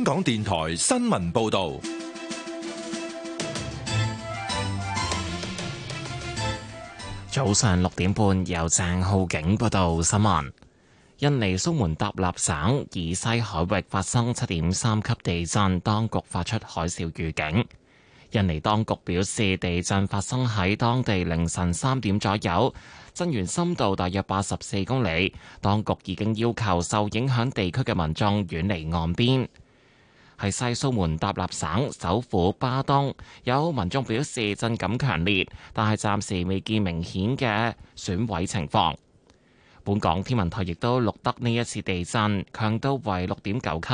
香港電台新聞報道，早上六點半由鄭浩景報道新聞。印尼蘇門答臘省以西海域發生七點三級地震，當局發出海嘯預警。印尼當局表示，地震發生喺當地凌晨三點左右，震源深度大約八十四公里。當局已經要求受影響地區嘅民眾遠離岸邊。係西蘇門答臘省首府巴東，有民眾表示震感強烈，但係暫時未見明顯嘅損毀情況。本港天文台亦都錄得呢一次地震，強度為六點九級，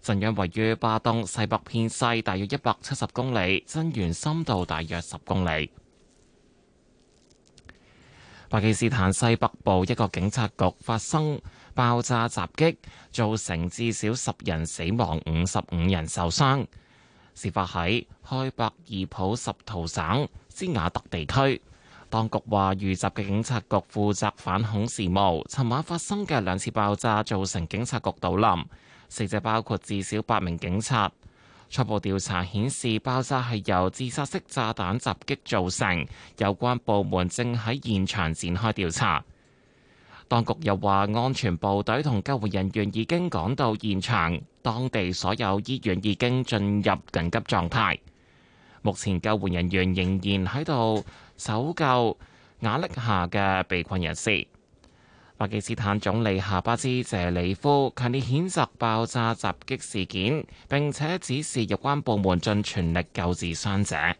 震央位於巴東西北偏西大約一百七十公里，震源深度大約十公里。巴基斯坦西北部一個警察局發生爆炸襲擊造成至少十人死亡、五十五人受傷，事發喺開伯爾普什圖省斯瓦特地區。當局話，遇襲嘅警察局負責反恐事務。尋晚發生嘅兩次爆炸造成警察局倒冧，死者包括至少八名警察。初步調查顯示，爆炸係由自殺式炸彈襲擊造成。有關部門正喺現場展開調查。當局又話，安全部隊同救援人員已經趕到現場，當地所有醫院已經進入緊急狀態。目前救援人員仍然喺度搜救瓦礫下嘅被困人士。巴基斯坦總理夏巴茲·謝里夫強烈譴責爆炸襲擊事件，並且指示有關部門盡全力救治傷者。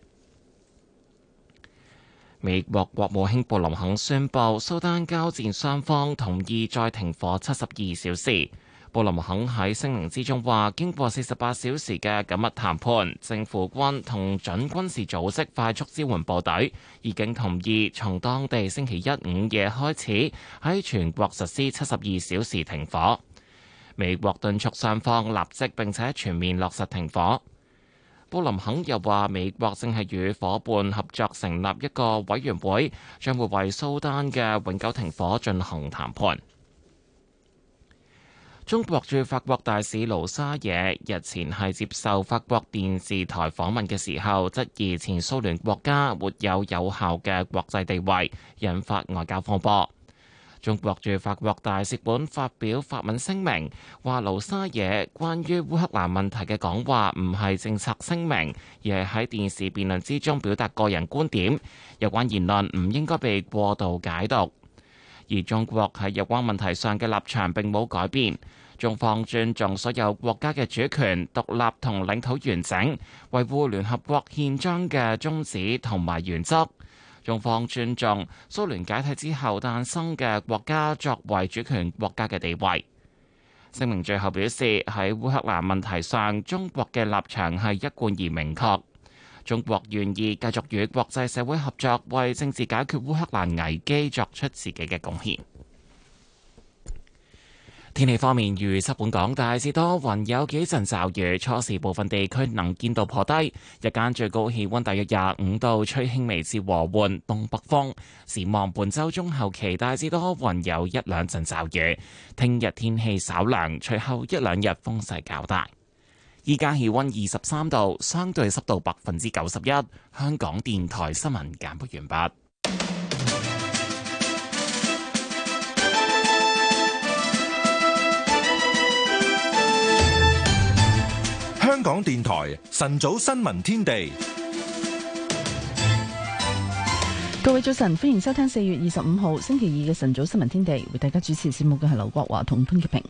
美國國務卿布林肯宣佈，蘇丹交戰雙方同意再停火七十二小時。布林肯喺聲明之中話，經過四十八小時嘅緊密談判，政府軍同準軍事組織快速支援部隊已經同意從當地星期一午夜開始喺全國實施七十二小時停火。美國敦促雙方立即並且全面落實停火。布林肯又話：美國正係與伙伴合作成立一個委員會，將會為蘇丹嘅永久停火進行談判。中國駐法國大使盧沙野日前係接受法國電視台訪問嘅時候，質疑前蘇聯國家沒有有效嘅國際地位，引發外交風波。中國駐法國大使館，發表法文聲明，話盧沙野關於烏克蘭問題嘅講話唔係政策聲明，而係喺電視辯論之中表達個人觀點，中方尊重蘇聯解體之後誕生嘅國家作為主權國家嘅地位。聲明最後表示，喺烏克蘭問題上，中國嘅立場係一貫而明確。中國願意繼續與國際社會合作，為政治解決烏克蘭危機作出自己嘅貢獻。天氣方面，預測本港大致多雲，有幾陣驟雨，初時部分地區能見度頗低。日間最高氣溫大約廿五度，吹輕微至和緩東北風。展望本周中後期，大致多雲，有一兩陣驟雨。聽日天氣稍涼，隨後一兩日風勢較大。依家氣溫二十三度，相對濕度百分之九十一。香港電台新聞簡報完畢。港電台晨早新聞天地，各位早晨，歡迎收聽四月二十五號星期二嘅晨早新聞天地，為大家主持節目嘅係劉國華同潘潔平。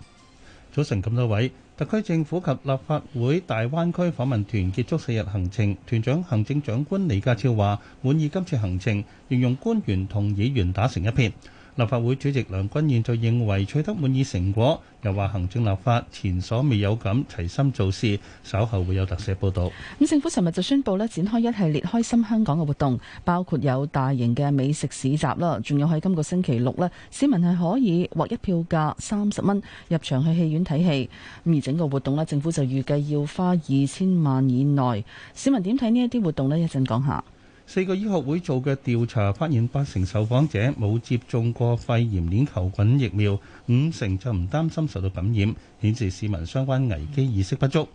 早晨咁多位，特區政府及立法會大灣區訪問團結束四日行程，團長行政長官李家超話滿意今次行程，形容官員同議員打成一片。立法會主席梁君彥就認為取得滿意成果，又話行政立法前所未有咁齊心做事，稍後會有特寫報導。咁政府尋日就宣布咧，展開一系列開心香港嘅活動，包括有大型嘅美食市集啦，仲有喺今個星期六咧，市民係可以劃一票價三十蚊入場去戲院睇戲。咁而整個活動咧，政府就預計要花二千萬以內。市民點睇呢一啲活動呢？一陣講下。四個醫學會做嘅調查發現，八成受訪者冇接種過肺炎鏈球菌疫苗，五成就唔擔心受到感染，顯示市民相關危機意識不足。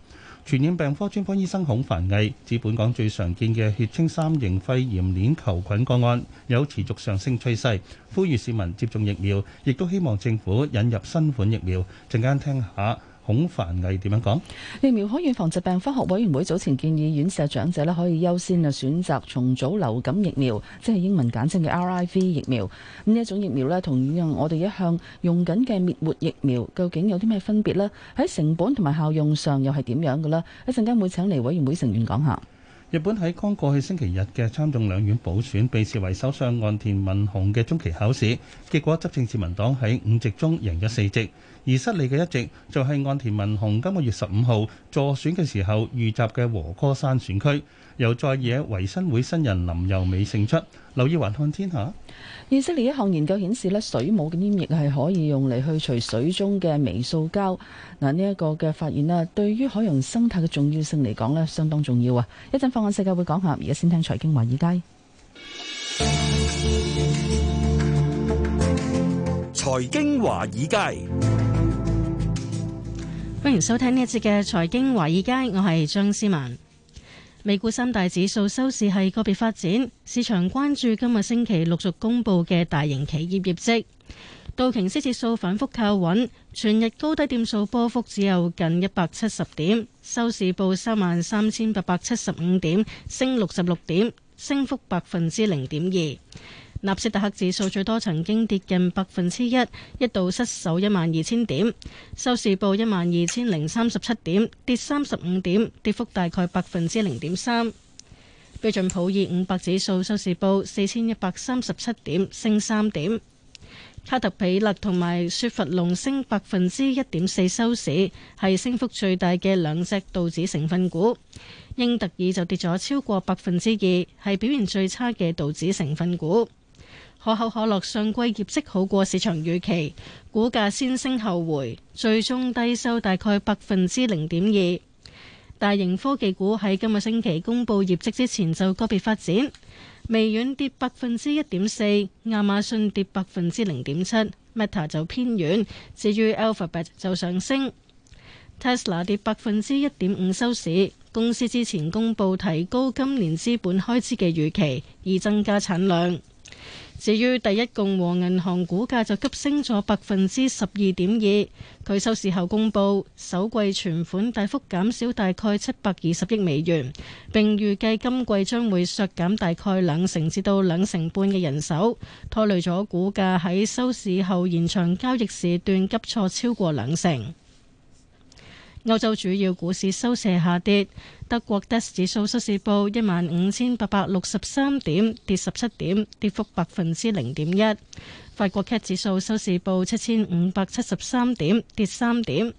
傳染病科專科醫生孔凡毅指，本港最常見嘅血清三型肺炎鏈球菌個案有持續上升趨勢，呼籲市民接種疫苗，亦都希望政府引入新款疫苗。陣間聽下。孔繁毅點樣講？疫苗可預防疾病科學委員會早前建議，院舍長者咧可以優先啊選擇重組流感疫苗，即係英文簡稱嘅 RIV 疫苗。咁呢一種疫苗咧，同樣我哋一向用緊嘅滅活疫苗，究竟有啲咩分別呢？喺成本同埋效用上又係點樣嘅呢？一陣間會請嚟委員會成員講下。日本喺剛過去星期日嘅參眾兩院補選，被視為首相岸田文雄嘅中期考試。結果執政自民黨喺五席中贏咗四席，而失利嘅一席就係岸田文雄今個月十五號助選嘅時候遇襲嘅和歌山選區，由在野維新會新人林佑美勝出。留意環看天下。以色列一項研究顯示咧，水母嘅黏液係可以用嚟去除水中嘅微塑膠。嗱，呢一個嘅發現啊，對於海洋生態嘅重要性嚟講咧，相當重要啊！一陣放眼世界會講下，而家先聽財經華爾街。財經華爾街，財經華爾街，歡迎收聽呢一節嘅財經華爾街，我係張思文。美股三大指數收市係個別發展，市場關注今個星期陸續公布嘅大型企業業績。道瓊斯指數反覆靠穩，全日高低點數波幅只有近一百七十點，收市報三萬三千八百七十五點，升六十六點，升幅百分之零點二。納斯達克指數最多曾經跌近百分之一，一度失守一萬二千點，收市報一萬二千零三十七點，跌三十五點，跌幅大概百分之零點三。標準普爾五百指數收市報四千一百三十七點，升三點。卡特彼勒同埋雪佛龍升百分之一點四收市，係升幅最大嘅兩隻道指成分股。英特爾就跌咗超過百分之二，係表現最差嘅道指成分股。可口可樂上季業績好過市場預期，股價先升後回，最終低收大概百分之零點二。大型科技股喺今個星期公佈業績之前就個別發展，微軟跌百分之一點四，亞馬遜跌百分之零點七，Meta 就偏軟，至於 Alphabet 就上升。Tesla 跌百分之一點五收市，公司之前公佈提高今年資本開支嘅預期，以增加產量。至於第一共和銀行股價就急升咗百分之十二點二，佢收市後公布首季存款大幅減少大概七百二十億美元，並預計今季將會削減大概兩成至到兩成半嘅人手，拖累咗股價喺收市後延長交易時段急挫超過兩成。歐洲主要股市收市下跌，德國 DAX 指數收市報一萬五千八百六十三點，跌十七點，跌幅百分之零點一。法國 CAC 指數收市報七千五百七十三點，跌三點。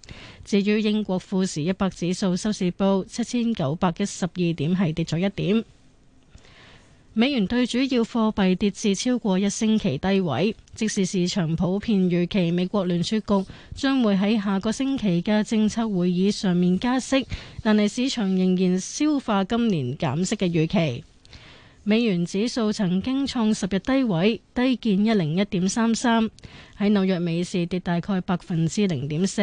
至於英國富時一百指數收市報七千九百一十二點，係跌咗一點。美元對主要貨幣跌至超過一星期低位，即使市場普遍預期美國聯儲局將會喺下個星期嘅政策會議上面加息，但係市場仍然消化今年減息嘅預期。美元指數曾經創十日低位，低見一零一點三三，喺紐約美市跌大概百分之零點四。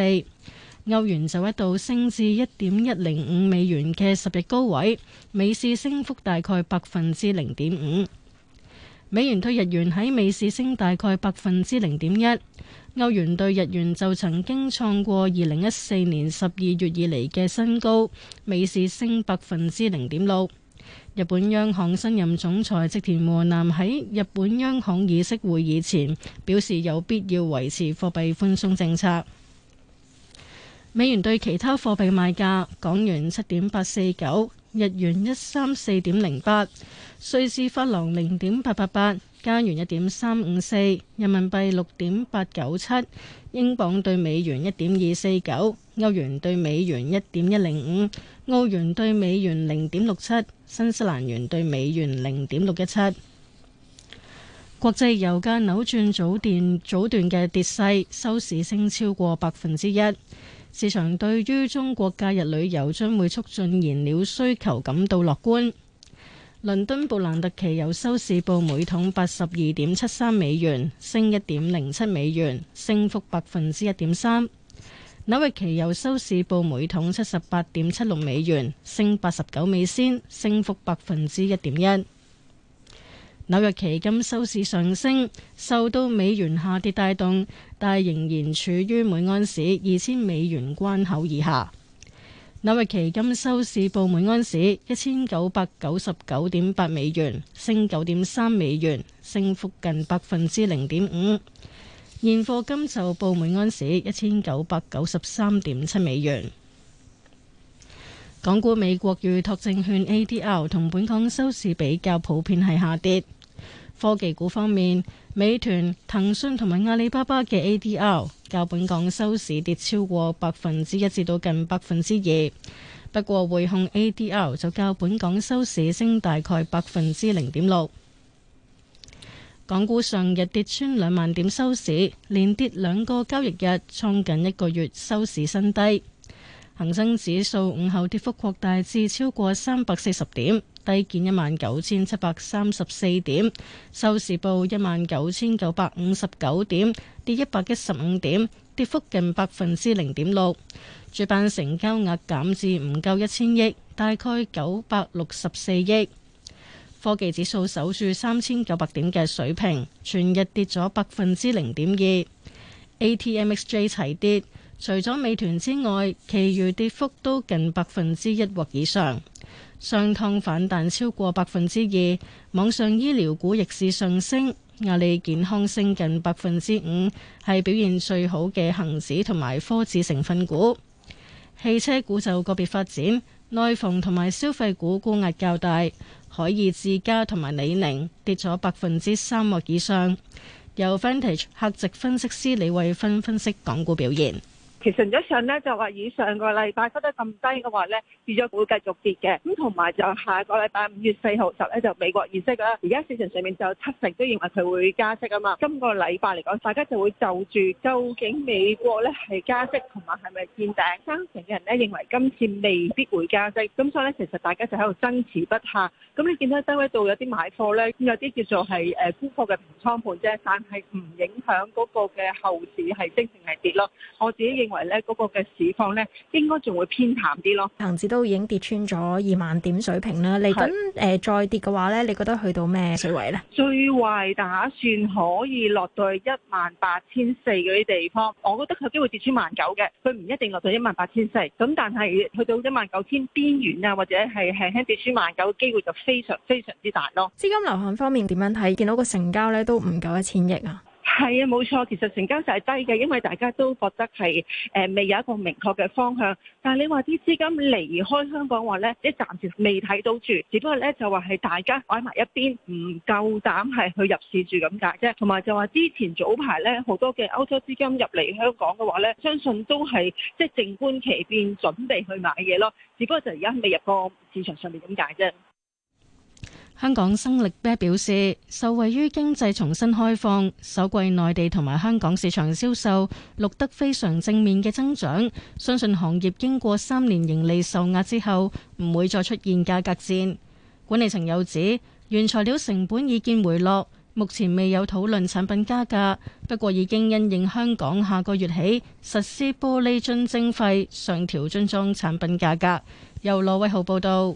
歐元就一度升至一點一零五美元嘅十日高位，美市升幅大概百分之零點五。美元兌日元喺美市升大概百分之零點一。歐元對日元就曾經創過二零一四年十二月以嚟嘅新高，美市升百分之零點六。日本央行新任總裁植田和男喺日本央行議息會議前表示，有必要維持貨幣寬鬆政策。美元對其他貨幣賣價：港元七點八四九，日元一三四點零八，瑞士法郎零點八八八，加元一點三五四，人民幣六點八九七，英鎊對美元一點二四九，歐元對美元一點一零五，澳元對美元零點六七，新西蘭元對美元零點六一七。國際油價扭轉早段早段嘅跌勢，收市升超過百分之一。市場對於中國假日旅遊將會促進燃料需求感到樂觀。倫敦布蘭特期油收市報每桶八十二點七三美元，升一點零七美元，升幅百分之一點三。紐約期油收市報每桶七十八點七六美元，升八十九美仙，升幅百分之一點一。紐約期金收市上升，受到美元下跌帶動。但仍然處於每盎司二千美元關口以下。紐約期金收市報每盎司一千九百九十九點八美元，升九點三美元，升幅近百分之零點五。現貨金就報每盎司一千九百九十三點七美元。港股美國預托證券 ADR 同本港收市比較普遍係下跌。科技股方面。美團、騰訊同埋阿里巴巴嘅 ADR 較本港收市跌超過百分之一至到近百分之二，不過匯控 ADR 就較本港收市升大概百分之零點六。港股上日跌穿兩萬點收市，連跌兩個交易日，創近一個月收市新低。恒生指數午後跌幅擴大至超過三百四十點。低見一萬九千七百三十四點，收市報一萬九千九百五十九點，跌一百一十五點，跌幅近百分之零點六。主板成交額減至唔夠一千億，大概九百六十四億。科技指數守住三千九百點嘅水平，全日跌咗百分之零點二。ATMXJ 齊跌，除咗美團之外，其餘跌幅都近百分之一或以上。上趟反彈超過百分之二，網上醫療股逆市上升，阿里健康升近百分之五，係表現最好嘅恆指同埋科指成分股。汽車股就個別發展，內房同埋消費股沽壓較大，海爾智家同埋李寧跌咗百分之三或以上。由 Vantage 客席分析師李慧芬分析港股表現。其實咁樣上咧就話以上個禮拜收得咁低嘅話咧，預咗會繼續跌嘅。咁同埋就下個禮拜五月四號就咧就美國議息啦。而家市場上面就有七成都認為佢會加息啊嘛。今個禮拜嚟講，大家就會就住究竟美國咧係加息同埋係咪見頂。三成嘅人咧認為今次未必會加息。咁所以咧，其實大家就喺度爭持不下。咁你見到低位度有啲買貨咧，有啲叫做係誒沽貨嘅平倉盤啫，但係唔影響嗰個嘅後市係升定係跌咯。我自己認為咧嗰個嘅市況咧，應該仲會偏淡啲咯。恒指都已經跌穿咗二萬點水平啦，嚟緊誒再跌嘅話咧，你覺得去到咩水位咧？最壞打算可以落到去一萬八千四嗰啲地方，我覺得佢有機會跌穿萬九嘅，佢唔一定落到一萬八千四，咁但係去到一萬九千邊緣啊，或者係輕輕跌穿萬九嘅機會就非常非常之大咯。資金流向方面點樣睇？見到個成交咧都唔夠一千億啊。係啊，冇錯，其實成交就係低嘅，因為大家都覺得係誒、呃、未有一個明確嘅方向。但係你話啲資金離開香港話呢，即係暫時未睇到住，只不過呢，就話係大家擺埋一邊，唔夠膽係去入市住咁解啫。同埋就話之前早排呢，好多嘅歐洲資金入嚟香港嘅話呢，相信都係即係靜觀其變，準備去買嘢咯。只不過就而家未入過市場上面咁解啫。香港生力啤表示，受惠於經濟重新開放，首季內地同埋香港市場銷售錄得非常正面嘅增長，相信行業經過三年盈利受壓之後，唔會再出現價格戰。管理層有指，原材料成本已見回落，目前未有討論產品加價，不過已經因應香港下個月起實施玻璃樽徵費，上調樽裝產品價格。由羅偉豪報道。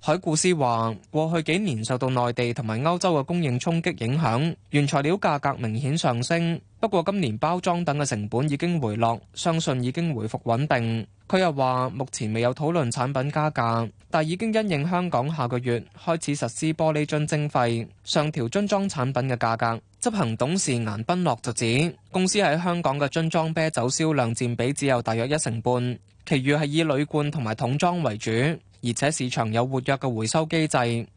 海固斯話：過去幾年受到內地同埋歐洲嘅供應衝擊影響，原材料價格明顯上升。不過今年包裝等嘅成本已經回落，相信已經回復穩定。佢又話：目前未有討論產品加價，但已經因應香港下個月開始實施玻璃樽徵費，上調樽裝產品嘅價格。執行董事顏斌洛就指，公司喺香港嘅樽裝啤酒銷量佔比只有大約一成半。其餘係以鋁罐同埋桶裝為主，而且市場有活躍嘅回收機制，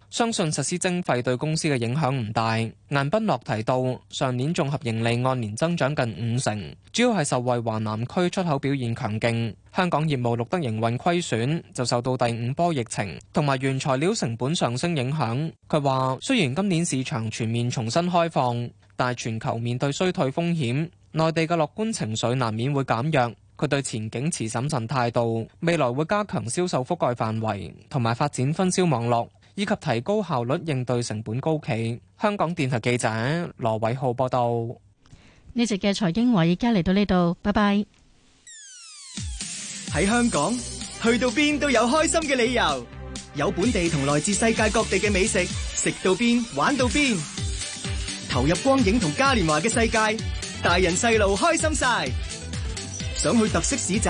相信實施徵費對公司嘅影響唔大。顏斌樂提到，上年綜合盈利按年增長近五成，主要係受惠華南區出口表現強勁。香港業務錄得營運虧損，就受到第五波疫情同埋原材料成本上升影響。佢話，雖然今年市場全面重新開放，但係全球面對衰退風險，內地嘅樂觀情緒難免會減弱。佢對前景持審慎態度，未來會加強銷售覆蓋範圍，同埋發展分銷網絡，以及提高效率應對成本高企。香港電台記者羅偉浩報道。呢集嘅財經話，而家嚟到呢度，拜拜。喺香港，去到邊都有開心嘅理由，有本地同來自世界各地嘅美食，食到邊玩到邊，投入光影同嘉年華嘅世界，大人細路開心晒。想去特色市集，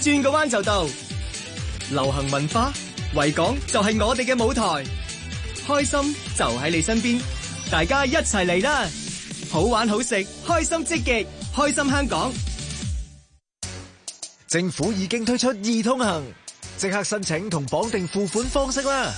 轉個彎就到。流行文化，維港就係我哋嘅舞台，開心就喺你身邊，大家一齊嚟啦！好玩好食，開心積極，開心香港。政府已經推出易通行，即刻申請同綁定付款方式啦。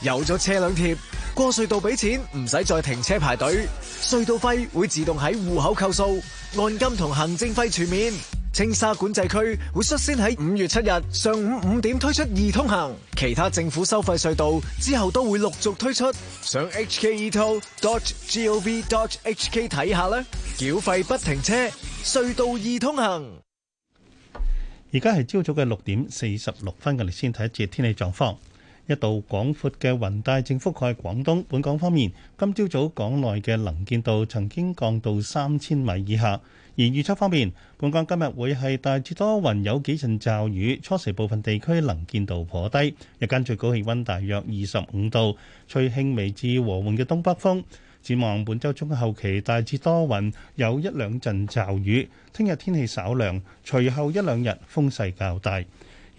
有咗車輛貼，過隧道俾錢，唔使再停車排隊，隧道費會自動喺戶口扣數，按金同行政費全面。青沙管制區會率先喺五月七日上午五點推出易通行，其他政府收費隧道之後都會陸續推出。上 hketo.gov.hk 睇下啦，繳費不停車，隧道易通行。而家係朝早嘅六點四十六分嘅，先睇一節天氣狀況。一道廣闊嘅雲帶正覆蓋廣東。本港方面，今朝早港內嘅能見度曾經降到三千米以下。而預測方面，本港今日會係大致多雲，有幾陣驟雨，初時部分地區能見度頗低。日間最高氣溫大約二十五度，吹輕微至和緩嘅東北風，展望本週中後期，大致多雲，有一兩陣驟雨。聽日天，天氣稍涼，隨後一兩日風勢較大。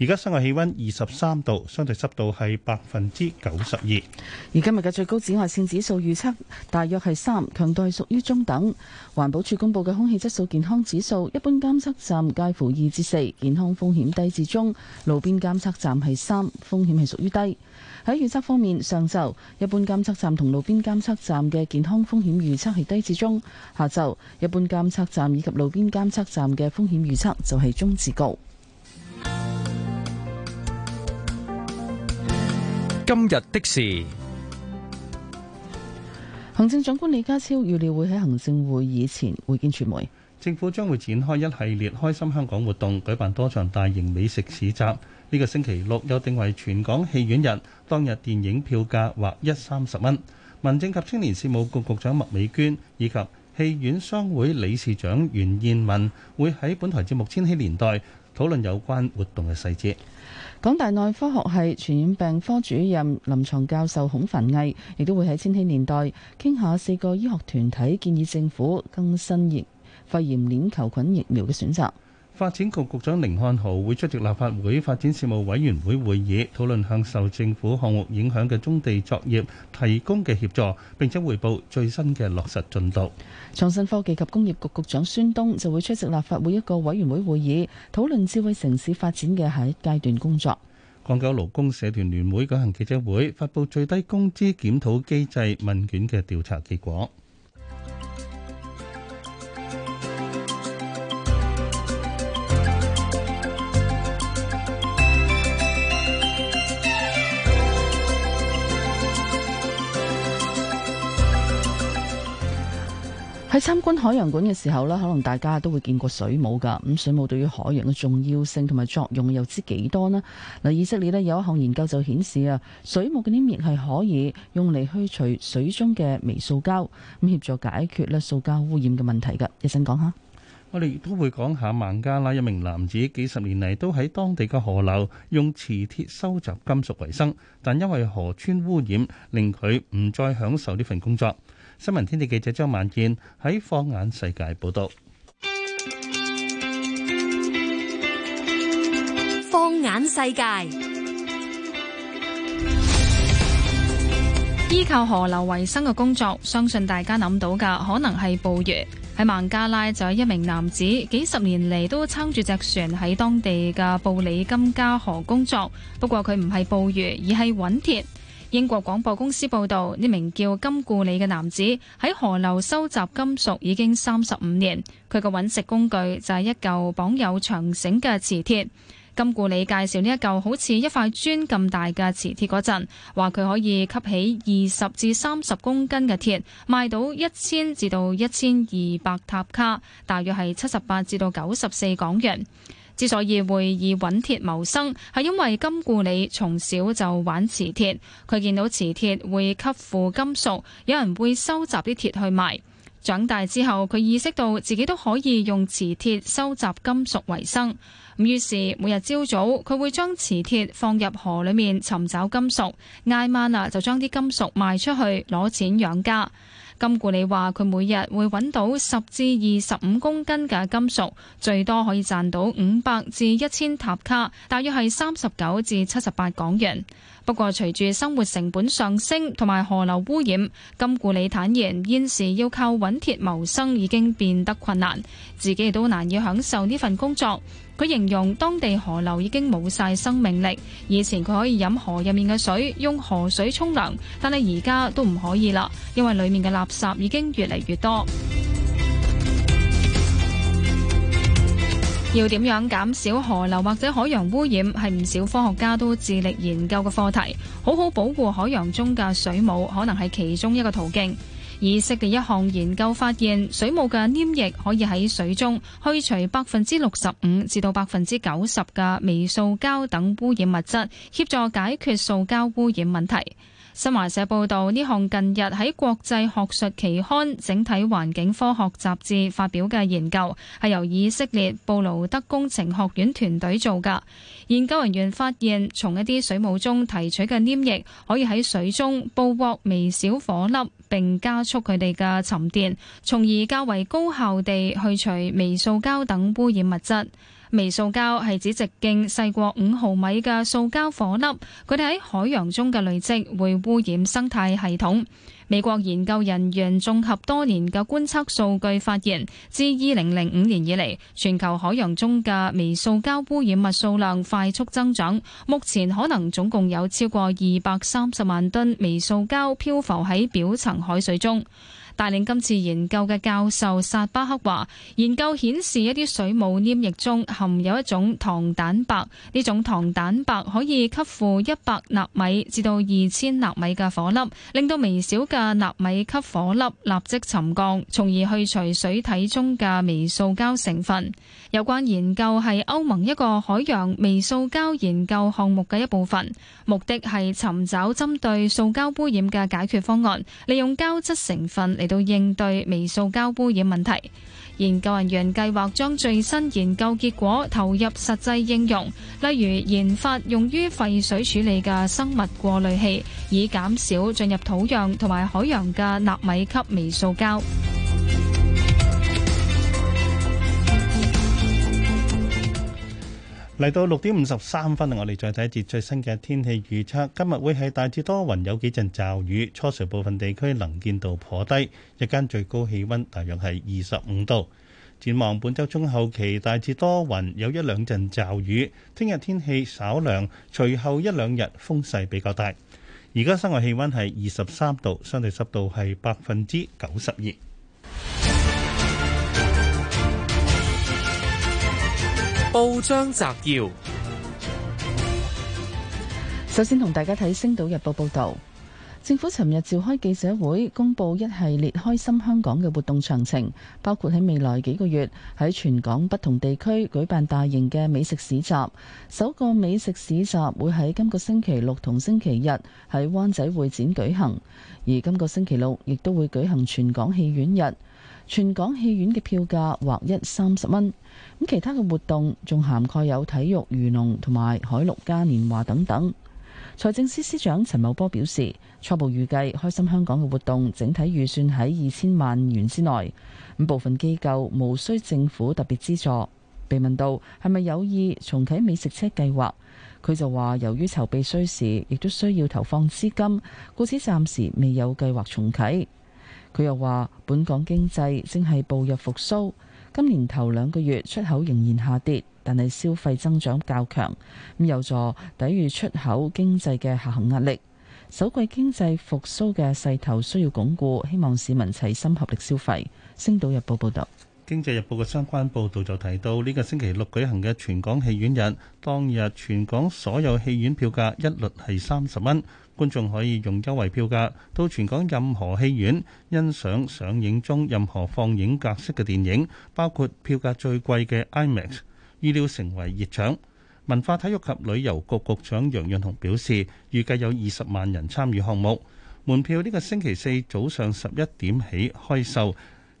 而家室外氣溫二十三度，相對濕度係百分之九十二。而今日嘅最高紫外線指數預測大約係三，強度係屬於中等。環保署公布嘅空氣質素健康指數，一般監測站介乎二至四，健康風險低至中；路邊監測站係三，風險係屬於低。喺預測方面，上晝一般監測站同路邊監測站嘅健康風險預測係低至中；下晝一般監測站以及路邊監測站嘅風險預測就係中至高。今日的事，行政長官李家超預料會喺行政會議前會見傳媒。政府將會展開一系列開心香港活動，舉辦多場大型美食市集。呢、這個星期六又定為全港戲院日，當日電影票價劃一三十蚊。民政及青年事務局局，局長麥美娟以及戲院商會理事長袁燕文會喺本台節目《千禧年代》討論有關活動嘅細節。港大內科學系傳染病科主任、臨床教授孔凡毅，亦都會喺千禧年代傾下四個醫學團體建議政府更新疫肺炎鏈球菌疫苗嘅選擇。發展局局長林漢豪會出席立法會發展事務委員會會議討論向受政府項目影響的棕地作業提供的協助並且匯報最新的落實進度創新科技及工業局局長孫東就會出席立法會一個委員會會議討論智慧城市發展的下一階段工作港九勞工社團聯會舉行記者會發布最低工資檢討機制問卷的調查結果喺參觀海洋館嘅時候呢，可能大家都會見過水母噶。咁水母對於海洋嘅重要性同埋作用又知幾多呢？嗱，以色列呢有一項研究就顯示啊，水母嘅黏液係可以用嚟去除水中嘅微塑膠，咁協助解決咧塑膠污染嘅問題噶。一陣講下，我哋亦都會講下孟加拉一名男子幾十年嚟都喺當地嘅河流用磁鐵收集金屬為生，但因為河川污染令佢唔再享受呢份工作。新聞天地記者張曼燕喺放眼世界報道。放眼世界，依靠河流維生嘅工作，相信大家諗到㗎，可能係捕魚。喺孟加拉就有一名男子，幾十年嚟都撐住隻船喺當地嘅布里金加河工作，不過佢唔係捕魚，而係揾鐵。英國廣播公司報道，呢名叫金故里嘅男子喺河流收集金屬已經三十五年。佢嘅揾食工具就係一嚿綁有長繩嘅磁鐵。金故里介紹呢一嚿好似一塊磚咁大嘅磁鐵嗰陣，話佢可以吸起二十至三十公斤嘅鐵，賣到一千至到一千二百塔卡，大約係七十八至到九十四港元。之所以會以揾鐵謀生，係因為金故里從小就玩磁鐵，佢見到磁鐵會吸附金屬，有人會收集啲鐵去賣。長大之後，佢意識到自己都可以用磁鐵收集金屬為生，咁於是每日朝早佢會將磁鐵放入河裏面尋找金屬，挨晚啊就將啲金屬賣出去攞錢養家。金顧里話佢每日會揾到十至二十五公斤嘅金屬，最多可以賺到五百至一千塔卡，大約係三十九至七十八港元。不過隨住生活成本上升同埋河流污染，金顧里坦言現時要靠揾鐵謀生已經變得困難，自己亦都難以享受呢份工作。佢形容當地河流已經冇晒生命力，以前佢可以飲河入面嘅水，用河水沖涼，但係而家都唔可以啦，因為裏面嘅垃圾已經越嚟越多。 要點樣減少河流或者海洋污染，係唔少科學家都致力研究嘅課題。好好保護海洋中嘅水母，可能係其中一個途徑。以色列一項研究發現，水母嘅黏液可以喺水中去除百分之六十五至到百分之九十嘅微塑膠等污染物質，協助解決塑膠污染問題。新華社報道呢項近日喺國際學術期刊《整體環境科學雜誌》發表嘅研究係由以色列布魯德工程學院團隊做噶。研究人員發現，從一啲水母中提取嘅黏液可以喺水中捕獲微小顆粒並加速佢哋嘅沉澱，從而較為高效地去除微塑膠等污染物質。微塑膠係指直徑細過五毫米嘅塑膠顆粒，佢哋喺海洋中嘅累積會污染生態系統。美國研究人員綜合多年嘅觀測數據發現，自二零零五年以嚟，全球海洋中嘅微塑膠污染物數量快速增長，目前可能總共有超過二百三十萬噸微塑膠漂浮喺表層海水中。帶領今次研究嘅教授薩巴克話，研究顯示一啲水母黏液中含有一種糖蛋白，呢種糖蛋白可以吸附一百納米至到二千納米嘅顆粒，令到微小嘅納米級顆粒立即沉降，從而去除水體中嘅微塑膠成分。有關研究係歐盟一個海洋微塑膠研究項目嘅一部分，目的係尋找針對塑膠污染嘅解決方案，利用膠質成分。嚟到應對微塑膠污染問題，研究人員計劃將最新研究結果投入實際應用，例如研發用於廢水處理嘅生物過濾器，以減少進入土壤同埋海洋嘅納米級微塑膠。嚟到六點五十三分，我哋再睇一節最新嘅天氣預測。今日會係大致多雲，有幾陣驟雨，初時部分地區能見度頗低。日間最高氣温大約係二十五度。展望本周中後期大致多雲，有一兩陣驟雨。聽日天氣稍涼，隨後一兩日風勢比較大。而家室外氣温係二十三度，相對濕度係百分之九十二。報章摘要：首先同大家睇《星島日報》報道，政府尋日召開記者會，公佈一系列開心香港嘅活動詳情，包括喺未來幾個月喺全港不同地區舉辦大型嘅美食市集。首個美食市集會喺今個星期六同星期日喺灣仔會展舉行，而今個星期六亦都會舉行全港戲院日。全港戲院嘅票價劃一三十蚊，咁其他嘅活動仲涵蓋有體育、漁農同埋海陸嘉年華等等。財政司司長陳茂波表示，初步預計開心香港嘅活動整體預算喺二千萬元之內，咁部分機構無需政府特別資助。被問到係咪有意重啟美食車計劃，佢就話由於籌備需時，亦都需要投放資金，故此暫時未有計劃重啟。佢又話：本港經濟正係步入復甦，今年頭兩個月出口仍然下跌，但係消費增長較強，咁有助抵禦出口經濟嘅下行壓力。首季經濟復甦嘅勢頭需要鞏固，希望市民齊心合力消費。星島日報報道。《經濟日報》嘅相關報導就提到，呢個星期六舉行嘅全港戲院日，當日全港所有戲院票價一律係三十蚊。觀眾可以用優惠票價到全港任何戲院欣賞上映中任何放映格式嘅電影，包括票價最貴嘅 IMAX，預料成為熱搶。文化體育及旅遊局局長楊潤雄表示，預計有二十萬人參與項目。門票呢個星期四早上十一點起開售，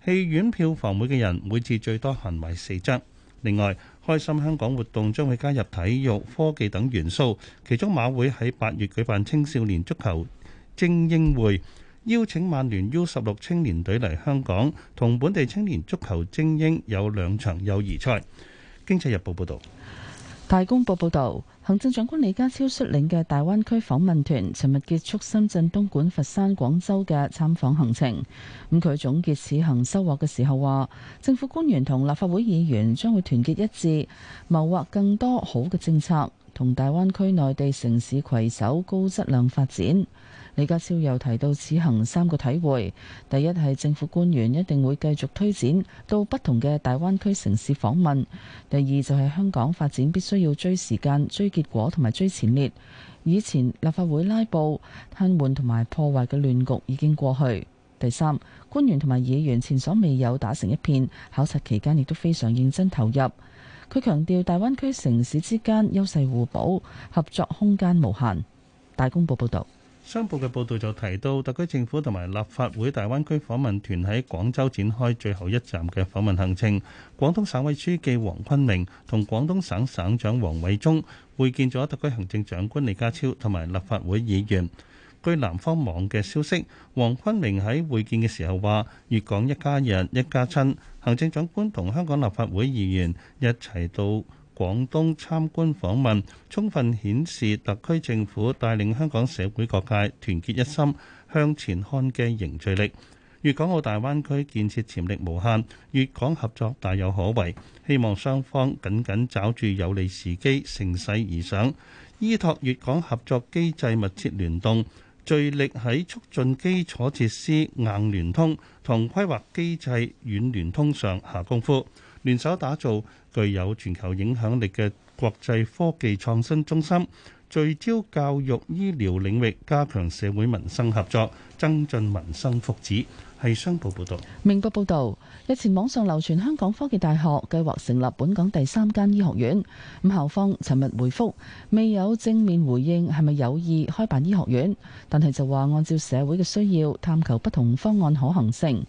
戲院票房每個人每次最多限為四張。另外，開心香港活動將會加入體育、科技等元素，其中馬會喺八月舉辦青少年足球精英會，邀請曼聯 U 十六青年隊嚟香港，同本地青年足球精英有兩場友誼賽。經濟日報報導。大公報報導，行政長官李家超率領嘅大灣區訪問團，尋日結束深圳、東莞、佛山、廣州嘅參訪行程。咁佢總結此行收穫嘅時候話，政府官員同立法會議員將會團結一致，謀劃更多好嘅政策，同大灣區內地城市攜手高質量發展。李家超又提到此行三個體會，第一係政府官員一定會繼續推展到不同嘅大灣區城市訪問，第二就係香港發展必須要追時間、追結果同埋追前列。以前立法會拉布、癱瘓同埋破壞嘅亂局已經過去。第三，官員同埋議員前所未有打成一片，考察期間亦都非常認真投入。佢強調大灣區城市之間優勢互補，合作空間無限。大公報報道。商報嘅報導就提到，特區政府同埋立法會大灣區訪問團喺廣州展開最後一站嘅訪問行程。廣東省委書記黃坤明同廣東省省長王偉中會見咗特區行政長官李家超同埋立法會議員。據南方網嘅消息，黃坤明喺會見嘅時候話：粵港一家人，一家親。行政長官同香港立法會議員一齊到廣東參觀訪問，充分顯示特區政府帶領香港社會各界團結一心向前看嘅凝聚力。粵港澳大灣區建設潛力無限，粵港合作大有可為。希望雙方緊緊抓住有利時機，乘勢而上，依託粵港合作機制密切聯動，聚力喺促進基礎設施硬聯通同規劃機制軟聯通上下功夫。聯手打造具有全球影響力嘅國際科技創新中心，聚焦教育醫療領域，加強社會民生合作，增進民生福祉。係商報報道。明報報道，日前網上流傳香港科技大學計劃成立本港第三間醫學院，咁校方尋日回覆，未有正面回應，係咪有意開辦醫學院，但係就話按照社會嘅需要，探求不同方案可行性。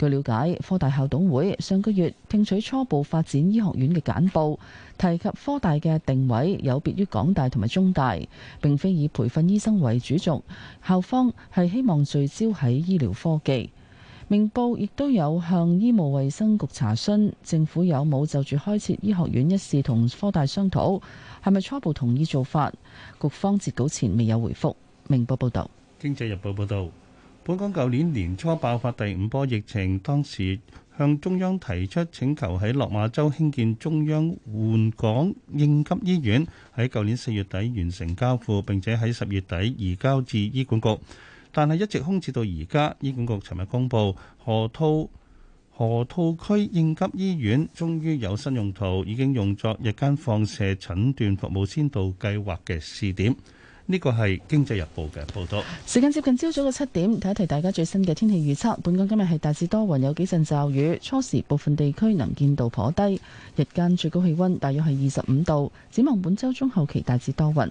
據了解，科大校董會上個月聽取初步發展醫學院嘅簡報，提及科大嘅定位有別於港大同埋中大，並非以培訓醫生為主軸，校方係希望聚焦喺醫療科技。明報亦都有向醫務衛生局查詢，政府有冇就住開設醫學院一事同科大商討，係咪初步同意做法？局方截稿前未有回覆。明報報道。經濟日報報道。本港舊年年初爆發第五波疫情，當時向中央提出請求喺落馬洲興建中央援港應急醫院，喺舊年四月底完成交付，並且喺十月底移交至醫管局，但係一直空置到而家。醫管局尋日公佈，河套河套區應急醫院終於有新用途，已經用作日間放射診斷服務先導計劃嘅試點。呢個係《經濟日報》嘅報導。時間接近朝早嘅七點，提一提大家最新嘅天氣預測。本港今日係大致多雲，有幾陣驟雨。初時部分地區能見度頗低，日間最高氣温大約係二十五度。展望本周中後期大致多雲。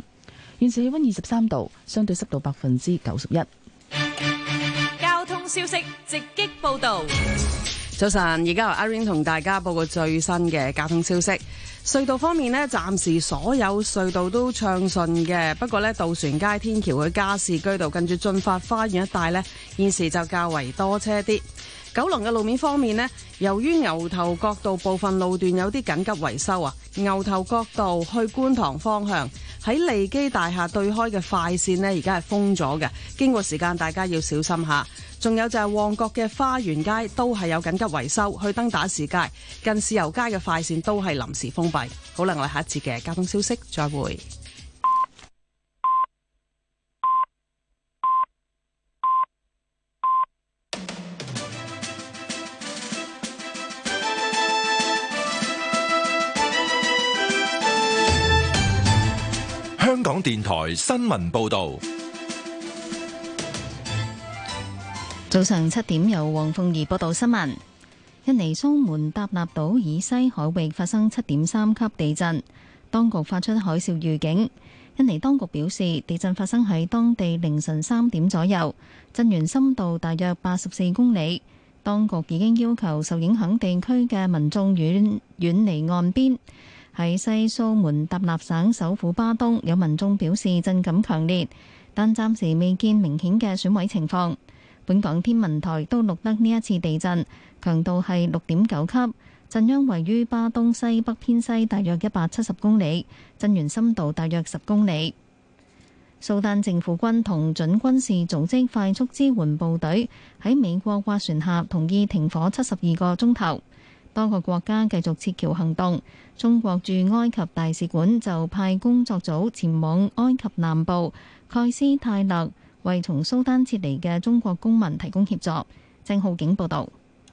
現時氣温二十三度，相對濕度百分之九十一。交通消息直擊報道。早晨，而家由阿 Rain 同大家報告最新嘅交通消息。隧道方面呢，暫時所有隧道都暢順嘅。不過呢，渡船街天橋去加士居道近住進發花園一帶呢，現時就較為多車啲。九龍嘅路面方面咧，由於牛頭角道部分路段有啲緊急維修啊，牛頭角道去觀塘方向喺利基大廈對開嘅快線咧，而家係封咗嘅。經過時間，大家要小心下。仲有就係旺角嘅花園街都係有緊急維修，去登打士街近豉油街嘅快綫都係臨時封閉。好，啦我哋下一節嘅交通消息再會。香港電台新聞報道，早上七點由黃鳳儀報道新聞。印尼蘇門答臘島以西海域發生七點三級地震，當局發出海嘯預警。印尼當局表示，地震發生喺當地凌晨三點左右，震源深度大約八十四公里。當局已經要求受影響地區嘅民眾遠遠離岸邊。喺西蘇門答臘省首府巴東，有民眾表示震感強烈，但暫時未見明顯嘅損毀情況。本港天文台都錄得呢一次地震，強度係六點九級，震央位於巴東西北偏西大約一百七十公里，震源深度大約十公里。蘇丹政府軍同準軍事組織快速支援部隊喺美國斡旋下同意停火七十二個鐘頭。多個國家繼續撤僑行動，中國駐埃及大使館就派工作組前往埃及南部蓋斯泰勒，為從蘇丹撤離嘅中國公民提供協助。鄭浩景報道。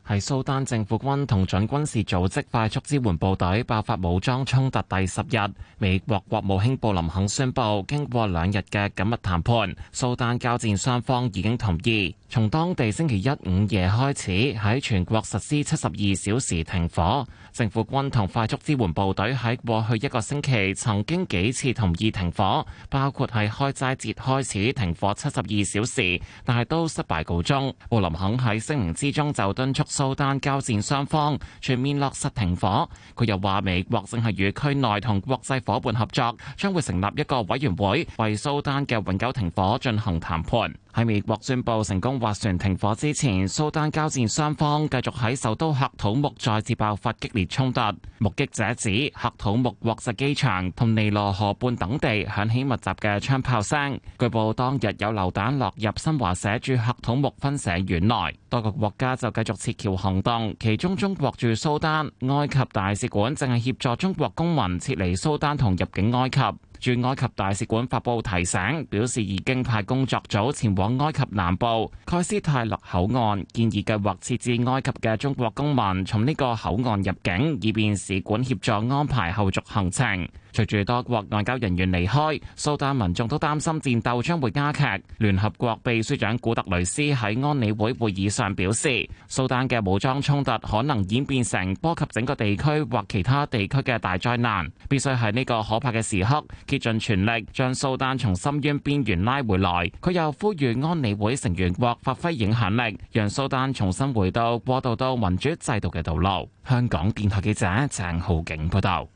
喺蘇丹政府軍同準軍事組織快速支援部隊爆發武裝衝突第十日，美國國務卿布林肯宣布，經過兩日嘅緊密談判，蘇丹交戰雙方已經同意從當地星期一午夜開始喺全國實施七十二小時停火。政府軍同快速支援部隊喺過去一個星期曾經幾次同意停火，包括係開齋節開始停火七十二小時，但係都失敗告終。布林肯喺聲明之中就敦促蘇丹交戰雙方全面落實停火。佢又話，美國正係與區內同國際夥伴合作，將會成立一個委員會，為蘇丹嘅永久停火進行談判。喺美國宣布成功劃船停火之前，蘇丹交戰雙方繼續喺首都喀土穆再次爆發激烈衝突。目擊者指，喀土穆國際機場同尼羅河畔等地響起密集嘅槍炮聲。據報當日有榴彈落入新華社駐喀土穆分社院內。多個國家就繼續撤僑行動，其中中國駐蘇丹埃及大使館正係協助中國公民撤離蘇丹同入境埃及。駐埃及大使館發布提醒，表示已經派工作組前往埃及南部蓋斯泰勒口岸，建議計劃撤至埃及嘅中國公民從呢個口岸入境，以便使館協助安排後續行程。隨住多國外交人員離開，蘇丹民眾都擔心戰鬥將會加劇。聯合國秘書長古特雷斯喺安理會會議上表示，蘇丹嘅武裝衝突可能演變成波及整個地區或其他地區嘅大災難，必須喺呢個可怕嘅時刻竭盡全力將蘇丹從深淵邊緣拉回來。佢又呼籲安理會成員國發揮影響力，讓蘇丹重新回到過渡到民主制度嘅道路。香港電台記者鄭浩景報道。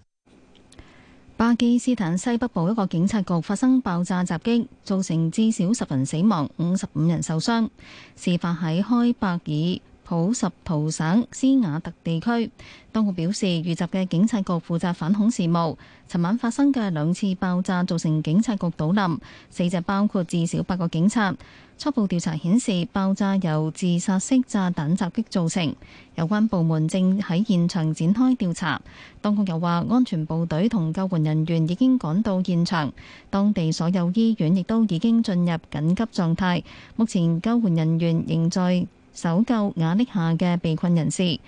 巴基斯坦西北部一個警察局發生爆炸襲擊，造成至少十人死亡，五十五人受傷，事發喺開伯爾。普什圖省斯瓦特地區，當局表示遇襲嘅警察局負責反恐事務。尋晚發生嘅兩次爆炸造成警察局倒冧，死者包括至少八個警察。初步調查顯示爆炸由自殺式炸彈襲擊造成，有關部門正喺現場展開調查。當局又話安全部隊同救援人員已經趕到現場，當地所有醫院亦都已經進入緊急狀態。目前救援人員仍在搜救瓦礫下嘅被困人士。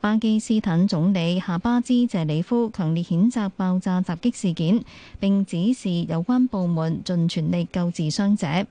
巴基斯坦總理夏巴茲謝里夫強烈譴責爆炸襲擊事件，並指示有關部門盡全力救治傷者。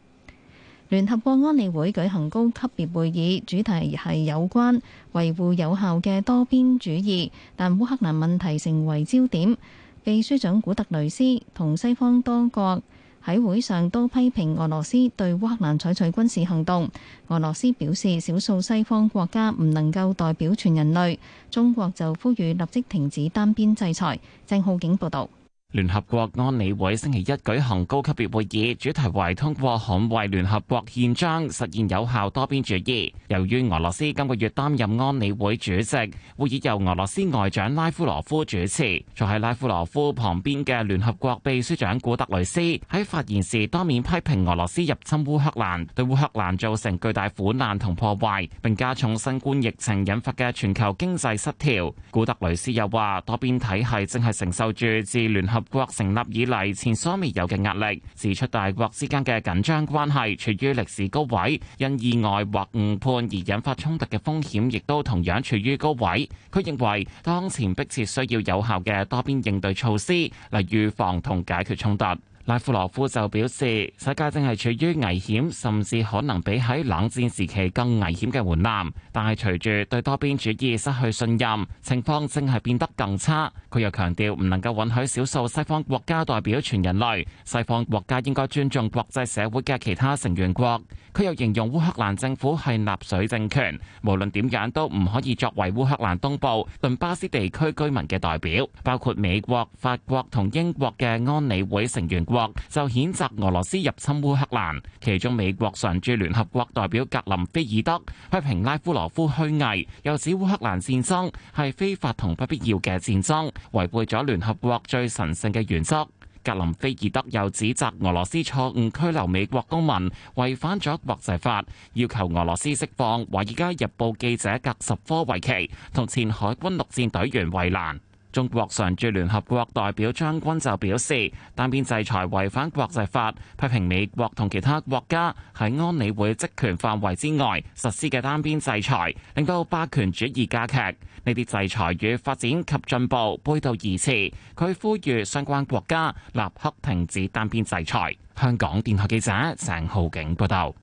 聯合國安理會舉行高級別會議，主題係有關維護有效嘅多邊主義，但烏克蘭問題成為焦點。秘書長古特雷斯同西方多國。喺會上都批評俄羅斯對烏克蘭採取軍事行動。俄羅斯表示少數西方國家唔能夠代表全人類。中國就呼籲立即停止單邊制裁。鄭浩景報道。聯合國安理會星期一舉行高級別會議，主題為通過捍衛聯合國憲章，實現有效多邊主義，由於俄羅斯今個月擔任安理會主席，會議由俄羅斯外長拉夫羅夫主持。坐喺拉夫羅夫旁邊嘅聯合國秘書長古特雷斯喺發言時當面批評俄羅斯入侵烏克蘭，對烏克蘭造成巨大苦難同破壞，並加重新冠疫情引發嘅全球經濟失調，古特雷斯又話多邊體系正係承受住自聯合。國成立以來前所未有嘅壓力，指出大國之間嘅緊張關係處於歷史高位，因意外或誤判而引發衝突嘅風險亦都同樣處於高位。佢認為當前迫切需要有效嘅多邊應對措施，嚟預防同解決衝突。拉夫羅夫就表示，世界正係處於危險，甚至可能比喺冷戰時期更危險嘅門檻。但係隨住對多邊主義失去信任，情況正係變得更差。佢又強調，唔能夠允許少數西方國家代表全人類。西方國家應該尊重國際社會嘅其他成員國。佢又形容烏克蘭政府係納粹政權，無論點樣都唔可以作為烏克蘭東部頓巴斯地區居民嘅代表，包括美國、法國同英國嘅安理會成員。就譴責俄羅斯入侵烏克蘭，其中美國常駐聯合國代表格林菲爾德批評拉夫羅夫虛偽，又指烏克蘭戰爭係非法同不必要嘅戰爭，違背咗聯合國最神聖嘅原則。格林菲爾德又指責俄羅斯錯誤拘留美國公民，違反咗國際法，要求俄羅斯釋放《華爾街日報》記者格什科維奇同前海軍陸戰隊員惠蘭。中國常駐聯合國代表張軍就表示，單邊制裁違反國際法，批評美國同其他國家喺安理會職權範圍之外實施嘅單邊制裁，令到霸權主義加劇。呢啲制裁與發展及進步背道而馳。佢呼籲相關國家立刻停止單邊制裁。香港電台記者鄭浩景報道。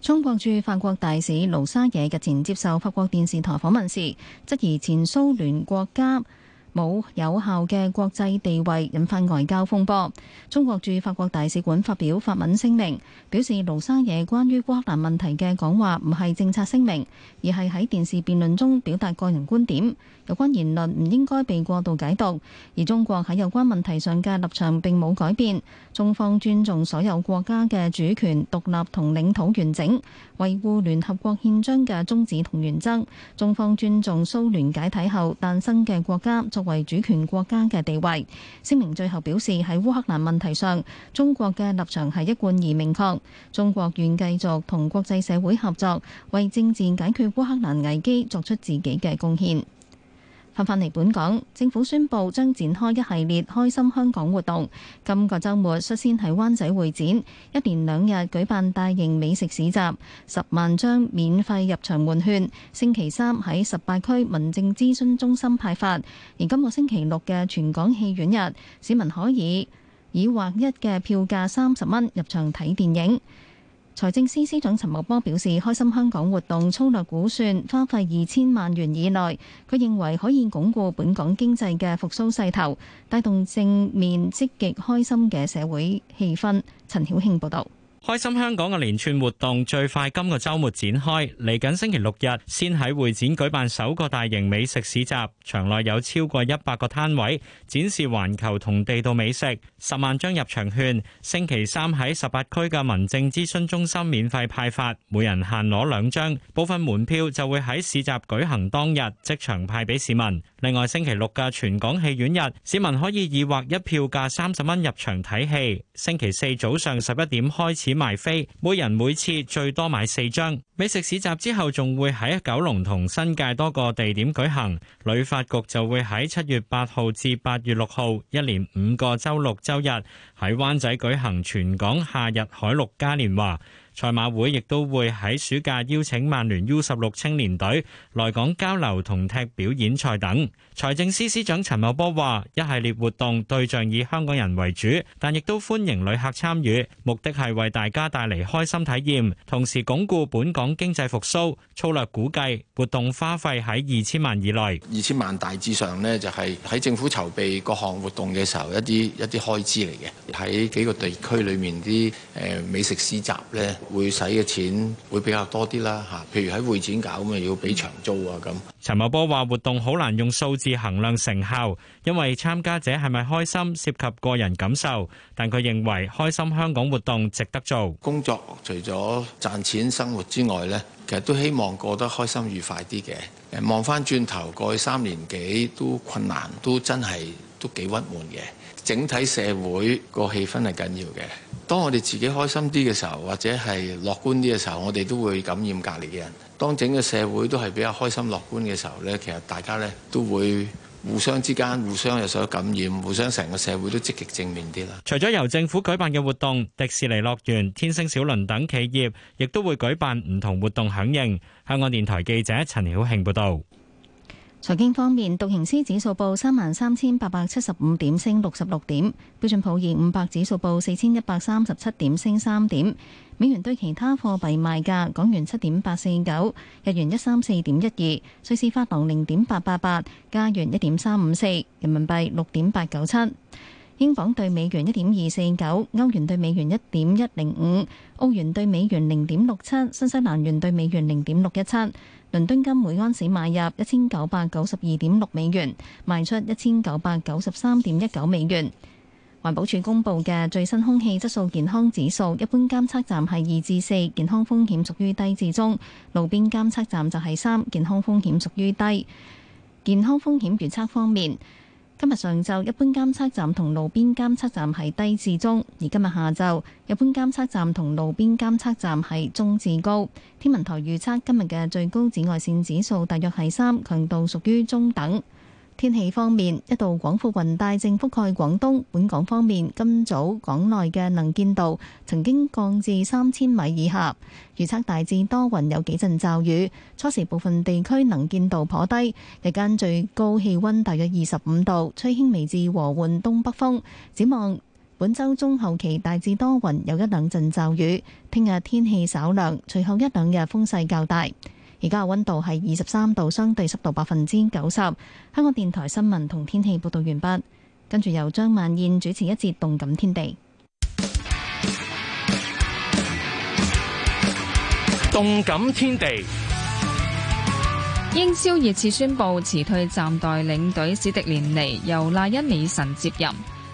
中國駐法國大使盧沙野日前接受法國電視台訪問時，質疑前蘇聯國家。冇有，有效嘅國際地位，引發外交風波。中國駐法國大使館發表法文聲明，表示盧沙野關於烏克蘭問題嘅講話唔係政策聲明，而係喺電視辯論中表達個人觀點。有關言論唔應該被過度解讀，而中國喺有關問題上嘅立場並冇改變。中方尊重所有國家嘅主權、獨立同領土完整，維護聯合國憲章嘅宗旨同原則。中方尊重蘇聯解體後誕生嘅國家。作為主權國家嘅地位，聲明最後表示喺烏克蘭問題上，中國嘅立場係一貫而明確。中國願繼續同國際社會合作，為政治解決烏克蘭危機作出自己嘅貢獻。返返嚟本港，政府宣布將展開一系列開心香港活動。今個周末率先喺灣仔會展一連兩日舉辦大型美食市集，十萬張免費入場換券。星期三喺十八區民政諮詢中心派發。而今個星期六嘅全港戲院日，市民可以以劃一嘅票價三十蚊入場睇電影。財政司司長陳茂波表示，開心香港活動粗略估算，花費二千萬元以內，佢認為可以鞏固本港經濟嘅復蘇勢頭，帶動正面積極開心嘅社會氣氛。陳曉慶報道。開心香港嘅連串活動最快今個周末展開，嚟緊星期六日先喺會展舉辦首個大型美食市集，場內有超過一百個攤位展示環球同地道美食，十萬張入場券星期三喺十八區嘅民政諮詢中心免費派發，每人限攞兩張，部分門票就會喺市集舉行當日即場派俾市民。另外星期六嘅全港戲院日，市民可以以劃一票價三十蚊入場睇戲。星期四早上十一點開始。只賣飛，每人每次最多買四張。美食市集之後，仲會喺九龍同新界多個地點舉行。旅發局就會喺七月八號至八月六號，一年五個周六周日喺灣仔舉行全港夏日海陸嘉年華。賽馬會亦都會喺暑假邀請曼聯 U 十六青年隊來港交流同踢表演賽等。財政司司長陳茂波話，一系列活動對象以香港人為主，但亦都歡迎旅客參與，目的係為大家帶嚟開心體驗，同時鞏固本港經濟復蘇。粗略估計，活動花費喺二千萬以內。二千萬大致上呢，就係喺政府籌備各項活動嘅時候一啲一啲開支嚟嘅，喺幾個地區裏面啲誒美食市集呢，會使嘅錢會比較多啲啦嚇，譬如喺會展搞咁咪，要俾長租啊咁。陳茂波話：活動好難用數字衡量成效，因為參加者係咪開心涉及個人感受，但佢認為開心香港活動值得做。工作除咗賺錢生活之外呢，其實都希望過得開心愉快啲嘅。望翻轉頭過去三年幾都困難，都真係都幾鬱悶嘅。整體社會個氣氛係緊要嘅。當我哋自己開心啲嘅時候，或者係樂觀啲嘅時候，我哋都會感染隔離嘅人。當整個社會都係比較開心樂觀嘅時候咧，其實大家咧都會互相之間、互相有所感染，互相成個社會都積極正面啲啦。除咗由政府舉辦嘅活動，迪士尼樂園、天星小輪等企業亦都會舉辦唔同活動響應。香港電台記者陳曉慶報導。財經方面，道瓊斯指數報三萬三千八百七十五點，升六十六點；標準普爾五百指數報四千一百三十七點，升三點。美元對其他貨幣賣價：港元七點八四九，日元一三四點一二，瑞士法郎零點八八八，加元一點三五四，人民幣六點八九七，英鎊對美元一點二四九，歐元對美元一點一零五，澳元對美元零點六七，新西蘭元對美元零點六一七。倫敦金每安士買入一千九百九十二點六美元，賣出一千九百九十三點一九美元。環保署公布嘅最新空氣質素健康指數，一般監測站係二至四，健康風險屬於低至中；路邊監測站就係三，健康風險屬於低。健康風險預測方面。今日上晝一般監測站同路邊監測站係低至中，而今日下晝一般監測站同路邊監測站係中至高。天文台預測今日嘅最高紫外線指數大約係三，強度屬於中等。天氣方面，一道廣闊雲帶正覆蓋廣東。本港方面，今早港內嘅能見度曾經降至三千米以下。預測大致多雲，有幾陣驟雨。初時部分地區能見度頗低。日間最高氣溫大約二十五度，吹輕微至和緩東北風。展望本周中後期大致多雲，有一兩陣驟雨。聽日天氣稍涼，隨後一兩日風勢較大。而家嘅溫度係二十三度，相對濕度百分之九十。香港電台新聞同天氣報道完畢，跟住由張萬燕主持一節《動感天地》。《動感天地》英超熱刺宣布辭退暫代領隊史迪連尼，由賴恩美臣接任。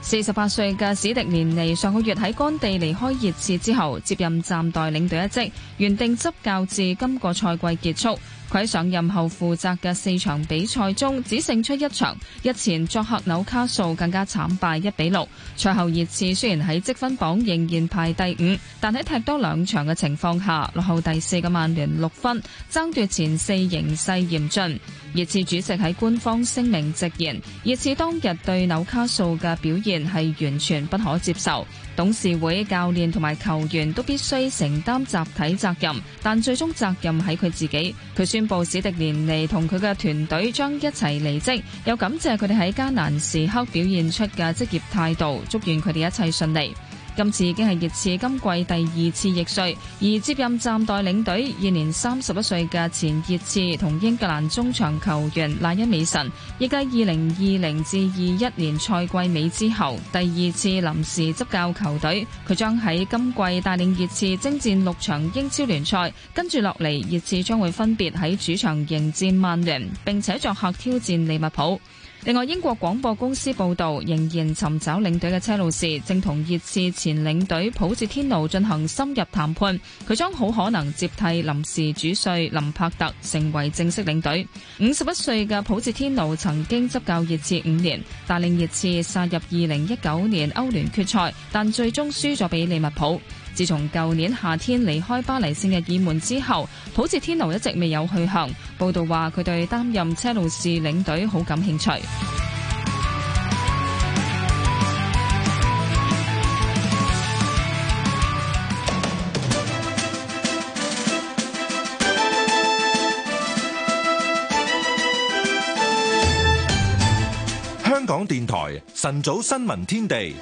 四十八歲嘅史迪連尼上個月喺干地離開熱刺之後，接任暫代領隊一職，原定執教至今個賽季結束。佢上任後負責嘅四場比賽中只勝出一場，日前作客紐卡素更加慘敗一比六。賽後熱刺雖然喺積分榜仍然排第五，但喺踢多兩場嘅情況下落後第四嘅曼聯六分，爭奪前四形勢嚴峻。熱刺主席喺官方聲明直言，熱刺當日對紐卡素嘅表現係完全不可接受。董事會、教練同埋球員都必須承擔集體責任，但最終責任喺佢自己。佢宣布史迪連尼同佢嘅團隊將一齊離職，又感謝佢哋喺艱難時刻表現出嘅職業態度，祝願佢哋一切順利。今次已經係熱刺今季第二次易帥，而接任暫代領隊、現年三十一歲嘅前熱刺同英格蘭中場球員賴恩美神，亦繼二零二零至二一年賽季尾之後第二次臨時執教球隊。佢將喺今季帶領熱刺征戰六場英超聯賽，跟住落嚟，熱刺將會分別喺主場迎戰曼聯，並且作客挑戰利物浦。另外，英國廣播公司報導，仍然尋找領隊嘅車路士正同熱刺前領隊普智天奴進行深入談判，佢將好可能接替臨時主帥林柏特成為正式領隊。五十一歲嘅普智天奴曾經執教熱刺五年，帶領熱刺殺入二零一九年歐聯決賽，但最終輸咗俾利物浦。自從舊年夏天離開巴黎聖日耳門之後，普捷天奴一直未有去向。報道話佢對擔任車路士領隊好感興趣。香港電台晨早新聞天地。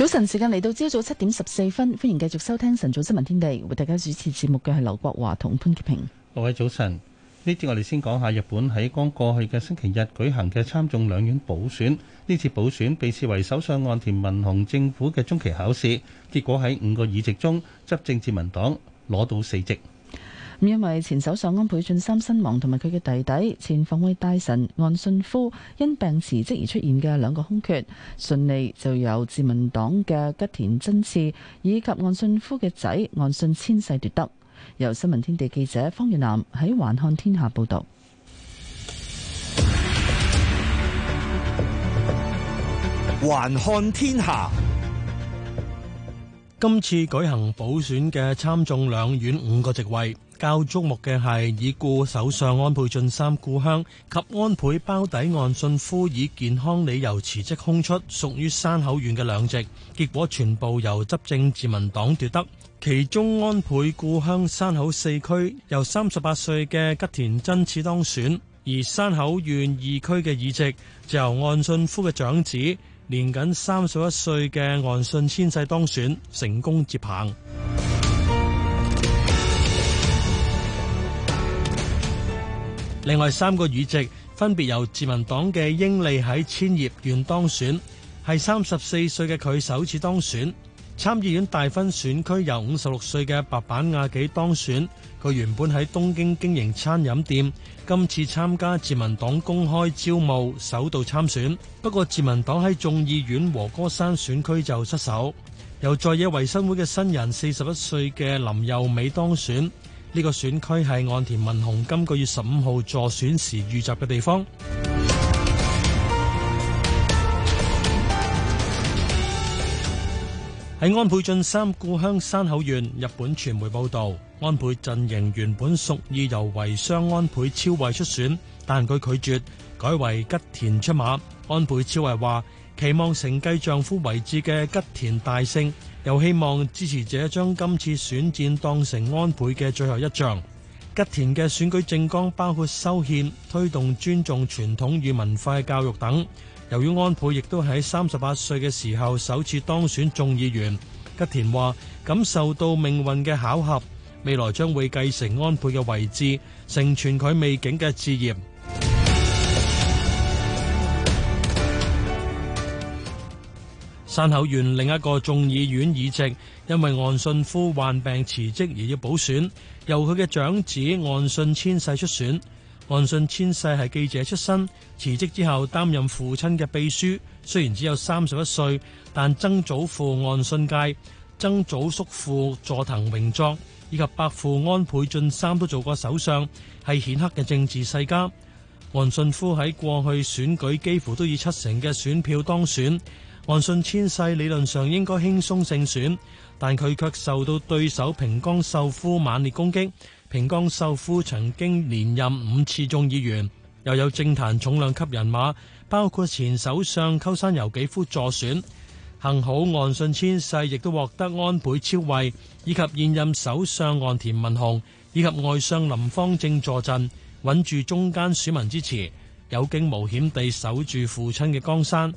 早晨時間嚟到朝早七點十四分，歡迎繼續收聽晨早新聞天地，為大家主持節目嘅係劉國華同潘潔平。各位早晨，呢節我哋先講下日本喺剛過去嘅星期日舉行嘅參眾兩院補選，呢次補選被視為首相岸田文雄政府嘅中期考試，結果喺五個議席中，執政自民黨攞到四席。因為前首相安倍晉三身亡，同埋佢嘅弟弟前防衛大臣岸信夫因病辭職而出現嘅兩個空缺，順利就由自民黨嘅吉田真次以及岸信夫嘅仔岸信千世奪得。由新聞天地記者方月南喺《環看天下》報道，《環看天下》今次舉行補選嘅參眾兩院五個席位。較矚目嘅係，已故首相安倍晉三故鄉及安倍胞弟岸信夫以健康理由辭職空出，屬於山口縣嘅兩席，結果全部由執政自民黨奪得。其中安倍故鄉山口四區由三十八歲嘅吉田真次當選，而山口縣二區嘅議席就由岸信夫嘅長子，年僅三十一歲嘅岸信千世當選，成功接棒。另外三個議席分別由自民黨嘅英利喺千葉縣當選，係三十四歲嘅佢首次當選。參議院大分選區由五十六歲嘅白板亞紀當選，佢原本喺東京經營餐飲店，今次參加自民黨公開招募首度參選。不過自民黨喺眾議院和歌山選區就失守，由在野維新會嘅新人四十一歲嘅林佑美當選。呢個選區係岸田文雄今個月十五號助選時遇襲嘅地方。喺 安倍晉三故鄉山口縣，日本傳媒報道，安倍陣營原本屬意由遺孀安倍昭惠出選，但佢拒絕，改為吉田出馬。安倍昭惠話：期望承繼丈夫遺志嘅吉田大勝。又希望支持者將今次選戰當成安倍嘅最後一仗。吉田嘅選舉政綱包括修憲、推動尊重傳統與文化嘅教育等。由於安倍亦都喺三十八歲嘅時候首次當選眾議員，吉田話感受到命運嘅巧合，未來將會繼承安倍嘅位置，成全佢未竟嘅志業。山口縣另一個眾議院議席，因為岸信夫患病辭職而要補選，由佢嘅長子岸信千世出選。岸信千世係記者出身，辭職之後擔任父親嘅秘書。雖然只有三十一歲，但曾祖父岸信介、曾祖叔父佐藤榮作以及伯父安倍晉三都做過首相，係顯赫嘅政治世家。岸信夫喺過去選舉幾乎都以七成嘅選票當選。岸信千世理論上應該輕鬆勝選，但佢卻受到對手平江秀夫猛烈攻擊。平江秀夫曾經連任五次眾議員，又有政壇重量級人馬，包括前首相鳩山由紀夫助選。幸好岸信千世亦都獲得安倍昭惠以及現任首相岸田文雄以及外相林芳正助陣，穩住中間選民支持，有驚無險地守住父親嘅江山。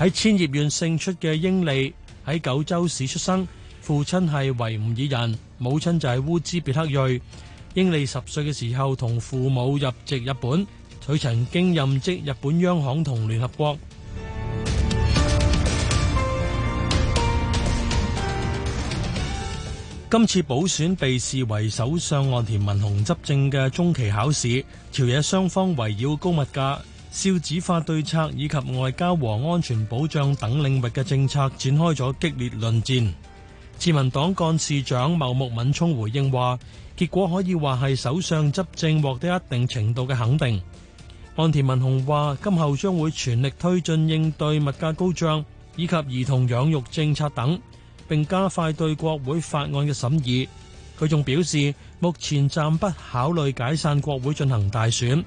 喺千葉縣勝出嘅英利喺九州市出生，父親係維吾爾人，母親就係烏茲別克裔。英利十歲嘅時候，同父母入籍日本, 少子化對策以及外交和安全保障等領域嘅政策展開咗激烈論戰，自民黨幹事長茂木敏充回應話，結果可以話係首相執政獲得一定程度嘅肯定。岸田文雄話今後將會全力推進應對物價高漲以及兒童養育政策等，並加快對國會法案嘅審議。佢仲表示目前暫不考慮解散國會進行大選。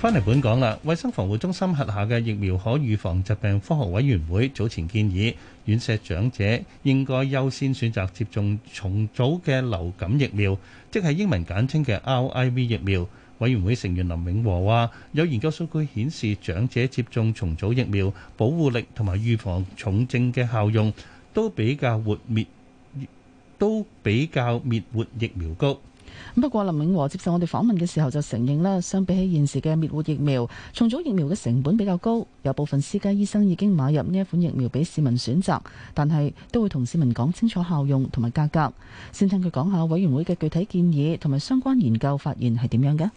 翻嚟本港啦，衛生防護中心轄下嘅疫苗可預防疾病科學委員會早前建議，院舍長者應該優先選擇接種重組嘅流感疫苗，即係英文簡稱嘅 RIV 疫苗。委員會成員林永和話，有研究數據顯示，長者接種重組疫苗，保護力同埋預防重症嘅效用都比較活滅，都比較滅活疫苗高。不過林永和接受我哋訪問嘅時候就承認啦，相比起現時嘅滅活疫苗，重組疫苗嘅成本比較高。有部分私家醫生已經買入呢一款疫苗俾市民選擇，但係都會同市民講清楚效用同埋價格。先聽佢講下委員會嘅具體建議同埋相關研究發現係點樣嘅。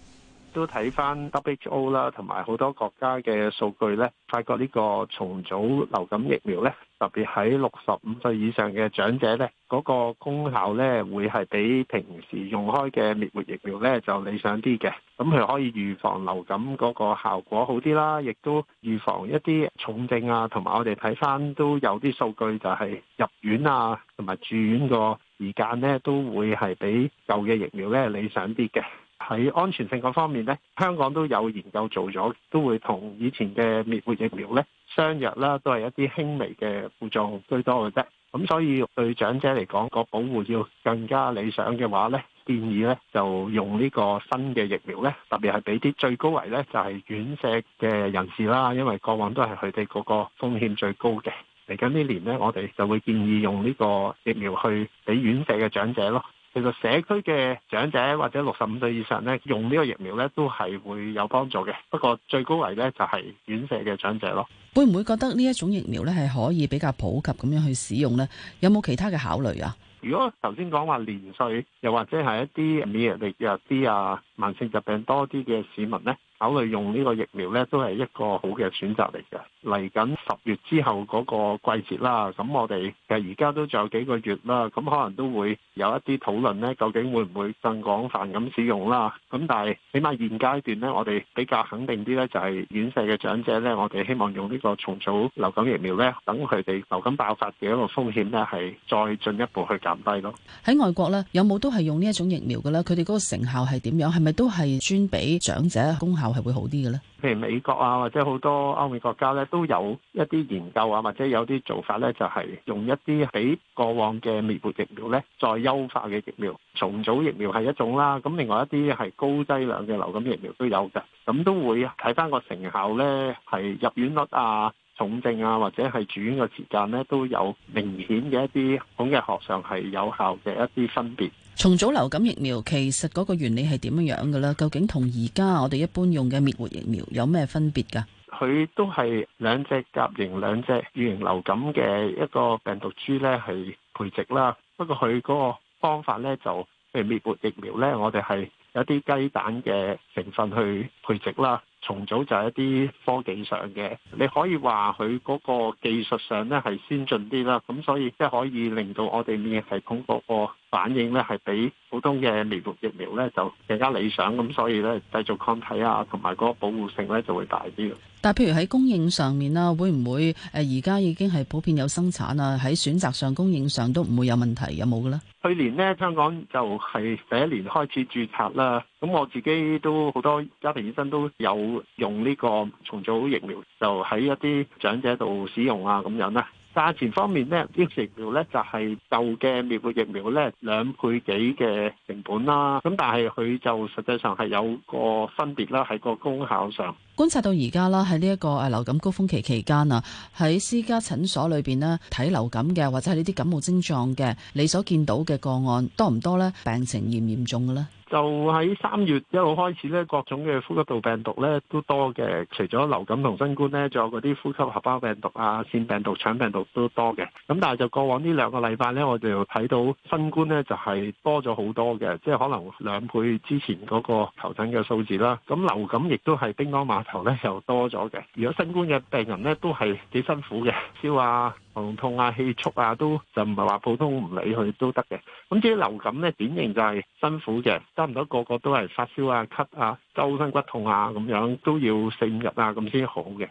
都睇翻 WHO 啦，同埋好多國家嘅數據呢，發覺呢個重組流感疫苗呢，特別喺六十五歲以上嘅長者呢，嗰個功效呢會係比平時用開嘅滅活疫苗呢就理想啲嘅。咁佢可以預防流感嗰個效果好啲啦，亦都預防一啲重症啊。同埋我哋睇翻都有啲數據就係入院啊，同埋住院個時間呢，都會係比舊嘅疫苗呢理想啲嘅。喺安全性嗰方面咧，香港都有研究做咗，都會同以前嘅滅活疫苗咧相若啦，都係一啲輕微嘅副作用居多嘅啫。咁所以對長者嚟講，個保護要更加理想嘅話咧，建議咧就用呢個新嘅疫苗咧，特別係俾啲最高危咧就係院舍嘅人士啦，因為過往都係佢哋嗰個風險最高嘅。嚟緊呢年咧，我哋就會建議用呢個疫苗去俾院舍嘅長者咯。其實社區嘅長者或者六十五歲以上咧，用呢個疫苗咧都係會有幫助嘅。不過最高危咧就係、是、院舍嘅長者咯。會唔會覺得呢一種疫苗咧係可以比較普及咁樣去使用咧？有冇其他嘅考慮啊？如果頭先講話年歲又或者係一啲免疫力弱啲啊、慢性疾病多啲嘅市民咧？考慮用呢個疫苗咧，都係一個好嘅選擇嚟嘅。嚟緊十月之後嗰個季節啦，咁我哋誒而家都仲有幾個月啦，咁可能都會有一啲討論咧，究竟會唔會更廣泛咁使用啦？咁但係起碼現階段咧，我哋比較肯定啲咧，就係院舍嘅長者咧，我哋希望用呢個重組流感疫苗咧，等佢哋流感爆發嘅一個風險咧，係再進一步去減低咯。喺外國咧，有冇都係用呢一種疫苗嘅咧？佢哋嗰個成效係點樣？係咪都係專俾長者功效？係會好啲嘅咧，譬如美國啊，或者好多歐美國家咧，都有一啲研究啊，或者有啲做法咧，就係用一啲比過往嘅滅活疫苗咧，再優化嘅疫苗，重組疫苗係一種啦。咁另外一啲係高劑量嘅流感疫苗都有㗎，咁都會睇返個成效咧，係入院率啊、重症啊，或者係住院嘅時間咧，都有明顯嘅一啲統計學上係有效嘅一啲分別。重組流感疫苗其實嗰個原理係點樣樣嘅咧？究竟同而家我哋一般用嘅滅活疫苗有咩分別噶？佢都係兩隻甲型、兩隻乙型流感嘅一個病毒株咧，係培植啦。不過佢嗰個方法咧，就誒滅活疫苗咧，我哋係有啲雞蛋嘅成分去培植啦。重組就係一啲科技上嘅，你可以話佢嗰個技術上咧係先進啲啦。咁所以即係可以令到我哋免疫系統嗰個。反應咧係比普通嘅滅毒疫苗咧就更加理想，咁所以咧製造抗體啊，同埋嗰個保護性咧就會大啲。但係譬如喺供應上面啊，會唔會誒而家已經係普遍有生產啊？喺選擇上、供應上都唔會有問題，有冇嘅咧？去年咧，香港就係第一年開始註冊啦。咁我自己都好多家庭醫生都有用呢個重組疫苗，就喺一啲長者度使用啊，咁樣啦。價錢方面呢，啲疫苗呢就係舊嘅滅活疫苗呢兩倍幾嘅成本啦，咁但係佢就實際上係有個分別啦喺個功效上。觀察到而家啦，喺呢一個誒流感高峰期期間啊，喺私家診所裏邊呢，睇流感嘅，或者係呢啲感冒症狀嘅，你所見到嘅個案多唔多呢？病情嚴唔嚴重嘅呢？就喺三月一號開始呢，各種嘅呼吸道病毒呢都多嘅，除咗流感同新冠呢，仲有嗰啲呼吸合胞病毒啊、腺病毒、腸病毒都多嘅。咁但係就過往呢兩個禮拜呢，我哋又睇到新冠呢就係多咗好多嘅，即係可能兩倍之前嗰個求診嘅數字啦。咁流感亦都係叮噹馬。頭咧又多咗嘅。如果新冠嘅病人咧都係幾辛苦嘅，燒 啊樂、喉嚨痛啊、氣促啊，都就唔係話普通唔理佢都得嘅。咁至於流感咧典型就係辛苦嘅，差唔多個個都係發燒啊、咳啊、周身骨痛啊咁樣，都要四五日啊咁先好嘅。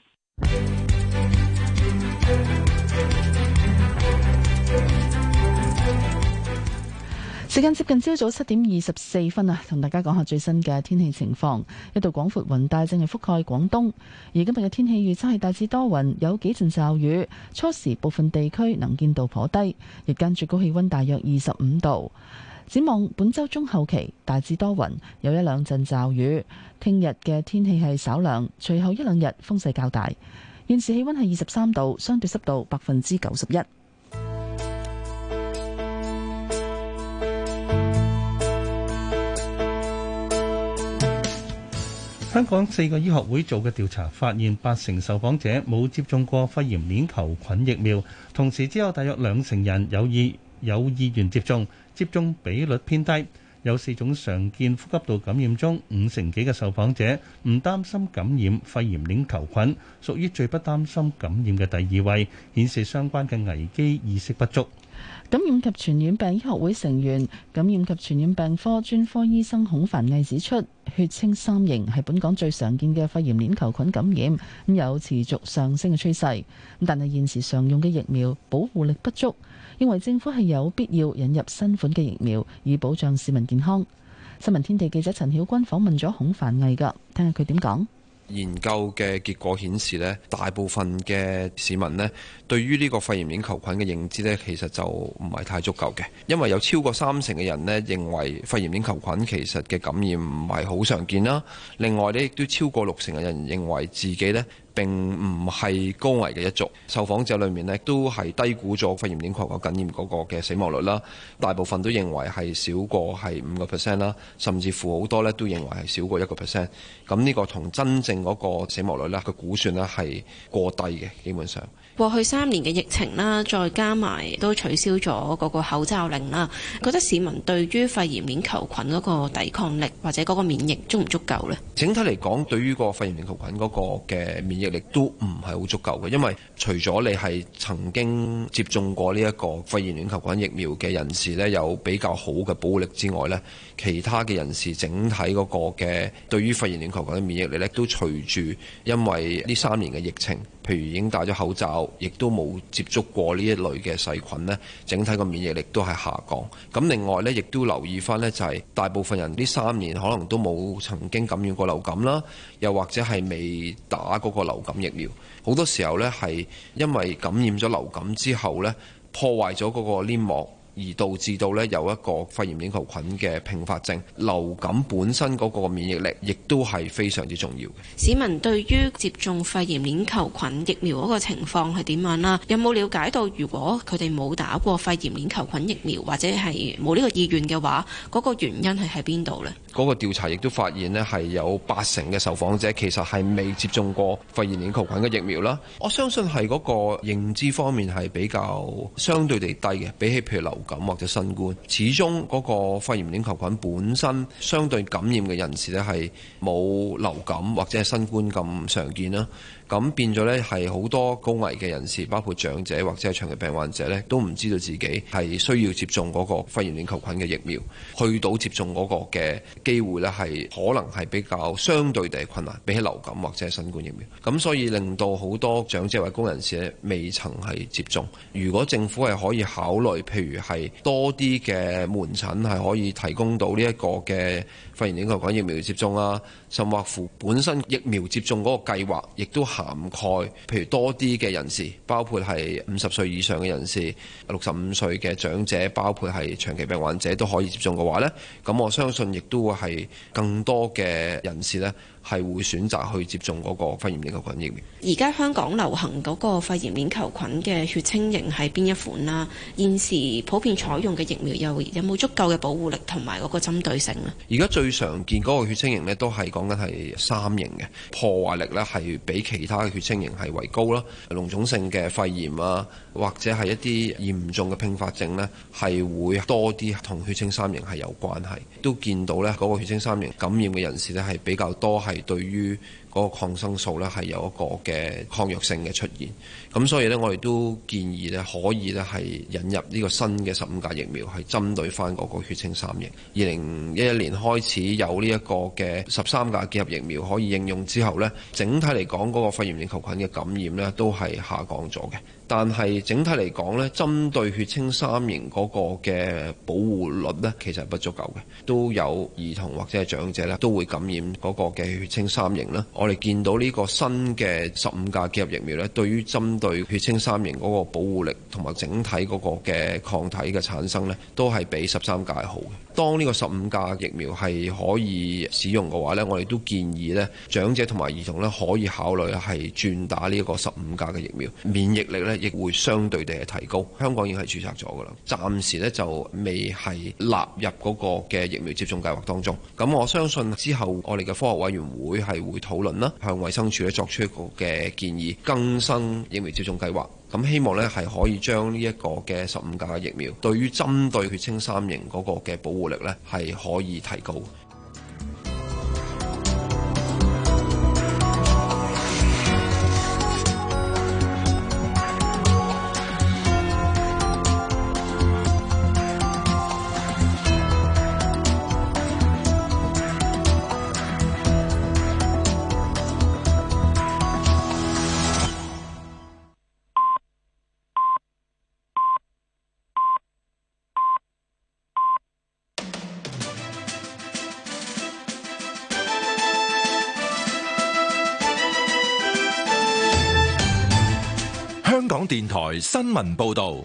時間接近朝早七點二十四分啊，同大家講下最新嘅天氣情況。一度廣闊雲帶正係覆蓋廣東，而今日嘅天氣預測係大致多雲，有幾陣驟雨。初時部分地區能見度頗低，日間最高氣溫大約二十五度。展望本周中後期大致多雲，有一兩陣驟雨。聽日嘅天氣係稍涼，隨後一兩日風勢較大。現時氣溫係二十三度，相對濕度百分之九十一。香港四個醫學會做嘅調查發現，八成受訪者冇接種過肺炎鏈球菌疫苗，同時只有大約兩成人有意有意願接種，接種比率偏低。有四種常見呼吸道感染中，五成幾嘅受訪者唔擔心感染肺炎鏈球菌，屬於最不擔心感染嘅第二位，顯示相關嘅危機意識不足。感染及傳染病醫學會成員、感染及傳染病科專科醫生孔凡毅指出，血清三型係本港最常見嘅肺炎鏈球菌感染，有持續上升嘅趨勢，但係現時常用嘅疫苗保護力不足。認為政府係有必要引入新款嘅疫苗，以保障市民健康。新聞天地記者陳曉君訪問咗孔凡毅噶聽下佢點講。研究嘅結果顯示呢，大部分嘅市民呢對於呢個肺炎鏈球菌嘅認知呢，其實就唔係太足夠嘅。因為有超過三成嘅人呢認為肺炎鏈球菌其實嘅感染唔係好常見啦。另外呢，亦都超過六成嘅人認為自己呢。並唔係高危嘅一族，受訪者裏面咧都係低估咗肺炎鏈球菌感染嗰個嘅死亡率啦。大部分都認為係少過係五個 percent 啦，甚至乎好多咧都認為係少過一個 percent。咁呢個同真正嗰個死亡率，佢嘅估算咧係過低嘅，基本上。過去三年嘅疫情啦，再加埋都取消咗嗰個口罩令啦，覺得市民對於肺炎鏈球菌嗰個抵抗力或者嗰個免疫足唔足夠呢？整體嚟講，對於個肺炎鏈球菌嗰個嘅免疫力都唔係好足夠嘅，因為除咗你係曾經接種過呢一個肺炎鏈球菌疫苗嘅人士呢，有比較好嘅保護力之外呢。其他嘅人士整體嗰個嘅對於肺炎鏈球菌嘅免疫力咧，都隨住因為呢三年嘅疫情，譬如已經戴咗口罩，亦都冇接觸過呢一類嘅細菌咧，整體個免疫力都係下降。咁另外咧，亦都留意翻咧，就是，就係大部分人呢三年可能都冇曾經感染過流感啦，又或者係未打嗰個流感疫苗。好多時候咧，係因為感染咗流感之後咧，破壞咗嗰個黏膜。而導致到咧有一個肺炎鏈球菌嘅併發症，流感本身嗰個免疫力亦都係非常之重要嘅。市民對於接種肺炎鏈球菌疫苗嗰個情況係點樣啦？有冇了解到如果佢哋冇打過肺炎鏈球菌疫苗或者係冇呢個意願嘅話，嗰、嗰個原因係喺邊度呢？嗰個調查亦都發現呢係有八成嘅受訪者其實係未接種過肺炎鏈球菌嘅疫苗啦。我相信係嗰個認知方面係比較相對地低嘅，比起譬如流感或者新冠，始終嗰個肺炎鏈球菌本身相對感染嘅人士呢，係冇流感或者係新冠咁常見啦。咁變咗呢，係好多高危嘅人士，包括長者或者係長期病患者呢，都唔知道自己係需要接種嗰個肺炎鏈球菌嘅疫苗，去到接種嗰個嘅機會呢，係可能係比較相對地困難，比起流感或者係新冠疫苗。咁所以令到好多長者或高危人士呢，未曾係接種。如果政府係可以考慮，譬如係多啲嘅門診，係可以提供到呢一個嘅。當然應該講疫苗接種啦，甚或乎本身疫苗接種嗰個計劃，亦都涵蓋譬如多啲嘅人士，包括係五十歲以上嘅人士、六十五歲嘅長者，包括係長期病患者都可以接種嘅話呢。咁我相信亦都會係更多嘅人士呢。係會選擇去接種嗰個肺炎鏈球菌疫苗。而家香港流行嗰個肺炎鏈球菌嘅血清型係邊一款啦、啊？現時普遍採用嘅疫苗有有冇足夠嘅保護力同埋嗰個針對性呢？而家最常見嗰個血清型呢，都係講緊係三型嘅，破壞力呢，係比其他嘅血清型係為高啦。膿腫性嘅肺炎啊，或者係一啲嚴重嘅併發症呢，係會多啲同血清三型係有關係。都見到呢嗰、嗰個血清三型感染嘅人士呢，係比較多係。係對於嗰個抗生素咧，係有一個嘅抗藥性嘅出現，咁所以咧，我哋都建議咧，可以咧係引入呢個新嘅十五價疫苗，係針對翻嗰個血清三型。二零一一年開始有呢一個嘅十三價結合疫苗可以應用之後呢，整體嚟講，嗰個肺炎鏈球菌嘅感染呢，都係下降咗嘅。但係整體嚟講咧，針對血清三型嗰個嘅保護率咧，其實係不足夠嘅。都有兒童或者係長者咧，都會感染嗰個嘅血清三型咧。我哋見到呢個新嘅十五價結合疫苗咧，對於針對血清三型嗰個保護力同埋整體嗰個嘅抗體嘅產生咧，都係比十三價好。當呢個十五價疫苗係可以使用嘅話咧，我哋都建議咧，長者同埋兒童咧，可以考慮係轉打呢個十五價嘅疫苗，免疫力咧。亦會相對地係提高，香港已經係註冊咗㗎喇。暫時咧就未係納入嗰個嘅疫苗接種計劃當中。咁我相信之後我哋嘅科學委員會係會討論啦，向衛生署咧作出一個嘅建議，更新疫苗接種計劃。咁希望呢係可以將呢一個嘅十五價疫苗，對於針對血清三型嗰個嘅保護力呢係可以提高。新聞報道，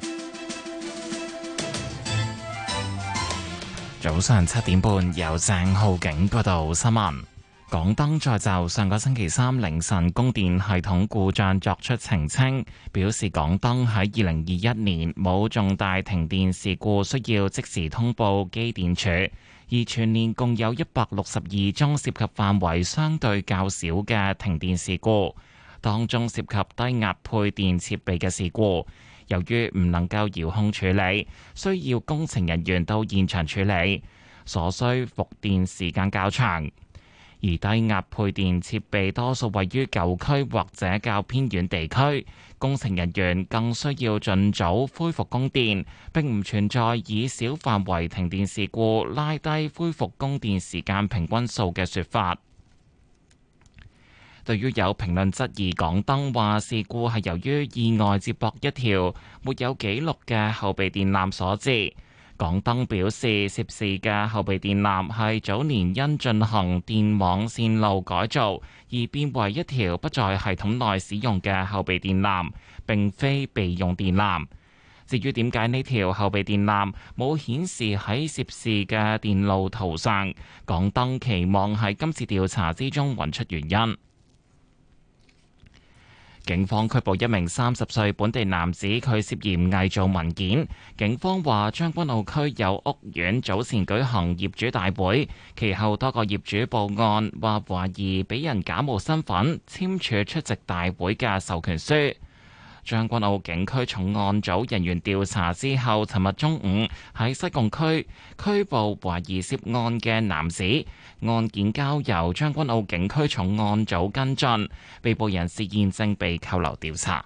早上七點半由鄭浩景報道新聞。港燈再就上個星期三凌晨供電系統故障作出澄清，表示港燈喺二零二一年冇重大停電事故需要即時通報機電處，而全年共有一百六十二宗涉及範圍相對較少嘅停電事故。當中涉及低壓配電設備嘅事故，由於唔能夠遙控處理，需要工程人員到現場處理，所需復電時間較長。而低壓配電設備多數位於舊區或者較偏遠地區，工程人員更需要盡早恢復供電，並唔存在以小範圍停電事故拉低恢復供電時間平均數嘅說法。對於有評論質疑港燈話事故係由於意外接駁一條沒有記錄嘅後備電纜所致，港燈表示涉事嘅後備電纜係早年因進行電網綫路改造而變為一條不在系統內使用嘅後備電纜，並非備用電纜。至於點解呢條後備電纜冇顯示喺涉事嘅電路圖上，港燈期望喺今次調查之中揾出原因。警方拘捕一名三十歲本地男子，佢涉嫌偽造文件。警方話將軍澳區有屋苑早前舉行業主大會，其後多個業主報案，話懷疑俾人假冒身份簽署出席大會嘅授權書。將軍澳警區重案組人員調查之後，尋日中午喺西貢區拘捕懷疑涉案嘅男子，案件交由將軍澳警區重案組跟進。被捕人士現正被扣留調查。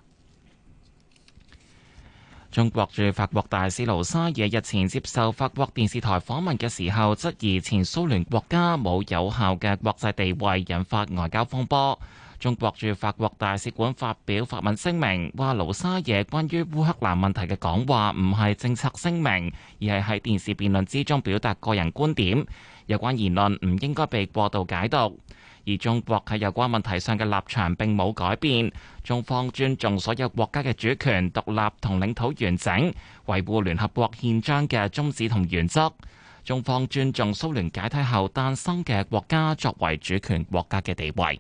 中國駐法國大使盧沙野日前接受法國電視台訪問嘅時候，質疑前蘇聯國家冇有，有效嘅國際地位，引發外交風波。中國駐法國大使館發表法文聲明，話盧沙野關於烏克蘭問題嘅講話唔係政策聲明，而係喺電視辯論之中表達個人觀點。有關言論唔應該被過度解讀。而中國喺有關問題上嘅立場並冇改變，中方尊重所有國家嘅主權、獨立同領土完整，維護聯合國憲章嘅宗旨同原則。中方尊重蘇聯解體後誕生嘅國家作為主權國家嘅地位。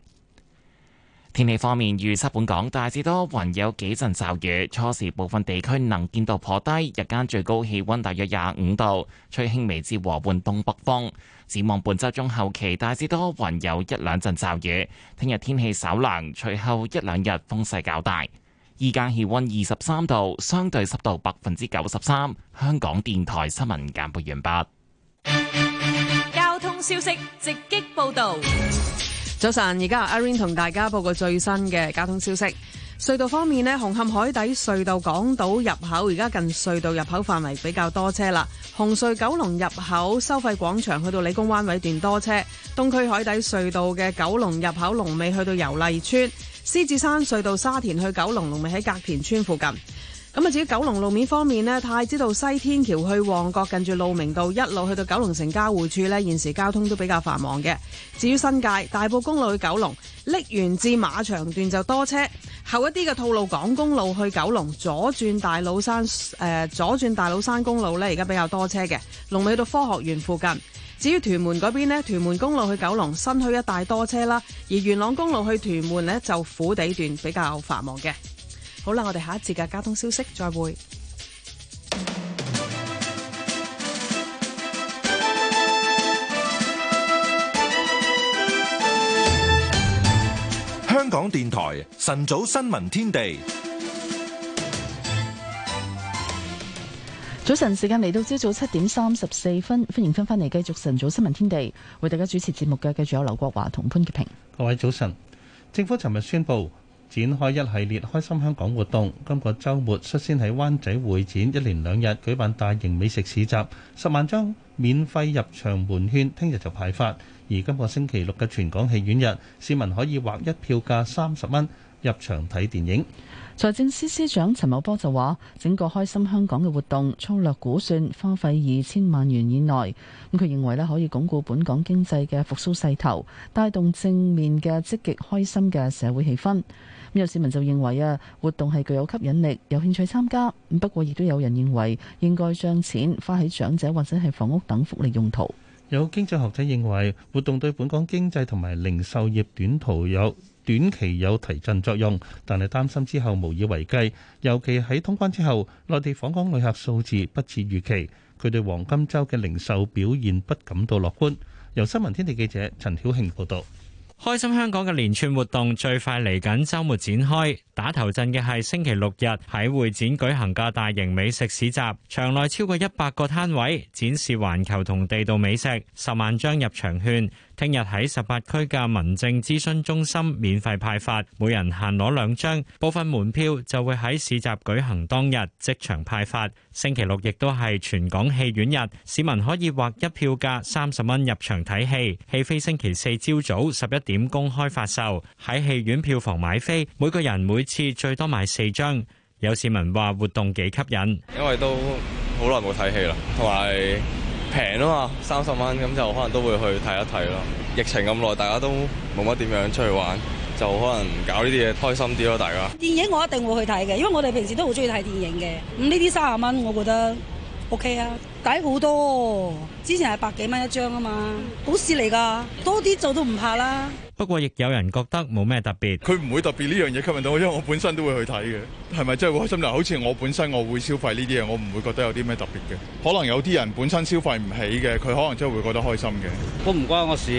天氣方面，預測本港大致多雲，有幾陣驟雨，初時部分地區能見度頗低，日間最高氣温大約廿五度，吹輕微至和緩東北風。展望本周中後期，大致多雲有一兩陣驟雨。聽日天,天氣稍涼，隨後一兩日風勢較大。依家氣温二十三度，相對濕度百分之九十三。香港電台新聞簡報完畢。交通消息直擊報道。早晨，而家阿 Rain 同大家報個最新嘅交通消息。隧道方面呢，紅磡海底隧道港島入口而家近隧道入口範圍比較多車啦。紅隧九龍入口收費廣場去到理工灣位段多車，東區海底隧道嘅九龍入口龍尾去到油麗村，獅子山隧道沙田去九龍龍尾喺隔田村附近。咁啊，至於九龍路面方面咧，太子道西天橋去旺角近住露明道一路去到九龍城交匯處咧，現時交通都比較繁忙嘅。至於新界大埔公路去九龍，瀝源至馬場段就多車，後一啲嘅吐露港公路去九龍，左轉大老山誒、呃、左轉大老山公路咧，而家比較多車嘅。龍尾去到科學園附近。至於屯門嗰邊咧，屯門公路去九龍新墟一帶多車啦，而元朗公路去屯門咧就虎地段比較繁忙嘅。好啦，我哋下一節嘅交通消息再會。香港電台晨早新聞天地，早晨時間嚟到朝早七點三十四分，歡迎翻返嚟繼續晨早新聞天地，為大家主持節目嘅，繼續有劉國華同潘潔平。各位早晨，政府尋日宣布。展開一系列開心香港活動。今個週末率先喺灣仔會展一連兩日舉辦大型美食市集，十萬張免費入場門券聽日就派發。而今個星期六嘅全港戲院日，市民可以劃一票價三十蚊入場睇電影。財政司司長陳茂波就話：整個開心香港嘅活動粗略估算花費二千萬元以內。佢認為咧可以鞏固本港經濟嘅復甦勢頭，帶動正面嘅積極、開心嘅社會氣氛。有市民就認為啊，活動係具有吸引力，有興趣參加。不過，亦都有人認為應該將錢花喺長者或者係房屋等福利用途。有經濟學者認為活動對本港經濟同埋零售業短途有短期有提振作用，但係擔心之後無以為繼。尤其喺通關之後，內地訪港旅客數字不似預期，佢對黃金週嘅零售表現不感到樂觀。由新聞天地記者陳曉慶報道。開心香港嘅連串活動最快嚟緊周末展開，打頭陣嘅係星期六日喺會展舉行嘅大型美食市集，場內超過一百個攤位展示環球同地道美食，十萬張入場券。聽日喺十八區嘅民政諮詢中心免費派發，每人限攞兩張。部分門票就會喺市集舉行當日即場派發。星期六亦都係全港戲院日，市民可以劃一票價三十蚊入場睇戲。戲飛星期四朝早十一點公開發售，喺戲院票房買飛，每個人每次最多買四張。有市民話活動幾吸引，因為都好耐冇睇戲啦，同埋。平啊嘛，三十蚊咁就可能都會去睇一睇咯。疫情咁耐，大家都冇乜點樣出去玩，就可能搞呢啲嘢開心啲咯，大家。電影我一定會去睇嘅，因為我哋平時都好鍾意睇電影嘅。咁呢啲三十蚊，我覺得 OK 啊。抵好多，之前係百幾蚊一張啊嘛，股市嚟㗎，多啲做都唔怕啦。不過，亦有人覺得冇咩特別。佢唔會特別呢樣嘢吸引到我，因為我本身都會去睇嘅，係咪真係會開心？嗱，好似我本身我會消費呢啲嘢，我唔會覺得有啲咩特別嘅。可能有啲人本身消費唔起嘅，佢可能真係會覺得開心嘅。都唔關我事，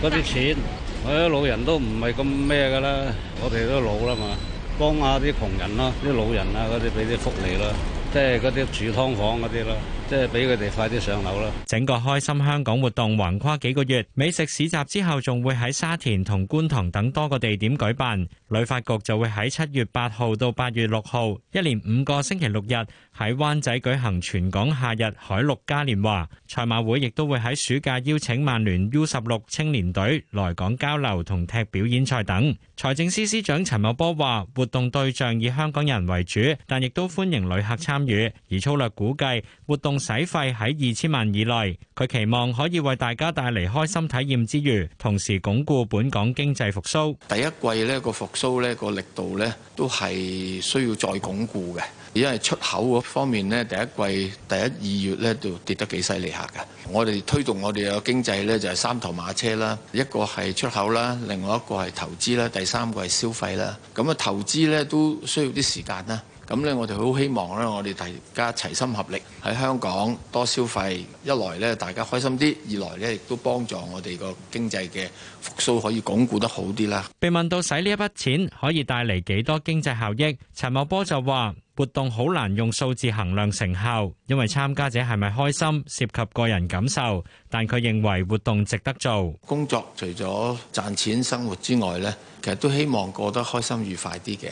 嗰啲錢，我啲是、哎、老人都唔係咁咩㗎啦。我哋都老啦嘛，幫下啲窮人咯，啲老人啊嗰啲俾啲福利咯，即係嗰啲住劏房嗰啲咯。即係俾佢哋快啲上樓囉！整個開心香港活動橫跨幾個月，美食市集之後仲會喺沙田同觀塘等多個地點舉辦。旅發局就會喺七月八號到八月六號，一連五個星期六日喺灣仔舉行全港夏日海陸嘉年華。賽馬會亦都會喺暑假邀請曼聯 U 十六青年隊來港交流同踢表演賽等。財政司司長陳茂波話：活動對象以香港人為主，但亦都歡迎旅客參與。而粗略估計活動使費喺二千萬以內，佢期望可以為大家帶嚟開心體驗之餘，同時鞏固本港經濟復甦。第一季呢個復甦呢個力度呢都係需要再鞏固嘅，因為出口方面呢，第一季第一二月呢就跌得幾犀利下噶。我哋推動我哋嘅經濟呢就係三頭馬車啦，一個係出口啦，另外一個係投資啦，第三個係消費啦。咁啊，投資呢都需要啲時間啦。咁咧，我哋好希望咧，我哋大家齊心合力喺香港多消費，一來咧大家開心啲，二來咧亦都幫助我哋個經濟嘅復甦可以鞏固得好啲啦。被問到使呢一筆錢可以帶嚟幾多經濟效益，陳茂波就話：活動好難用數字衡量成效，因為參加者係咪開心涉及個人感受，但佢認為活動值得做。工作除咗賺錢生活之外咧，其實都希望過得開心愉快啲嘅。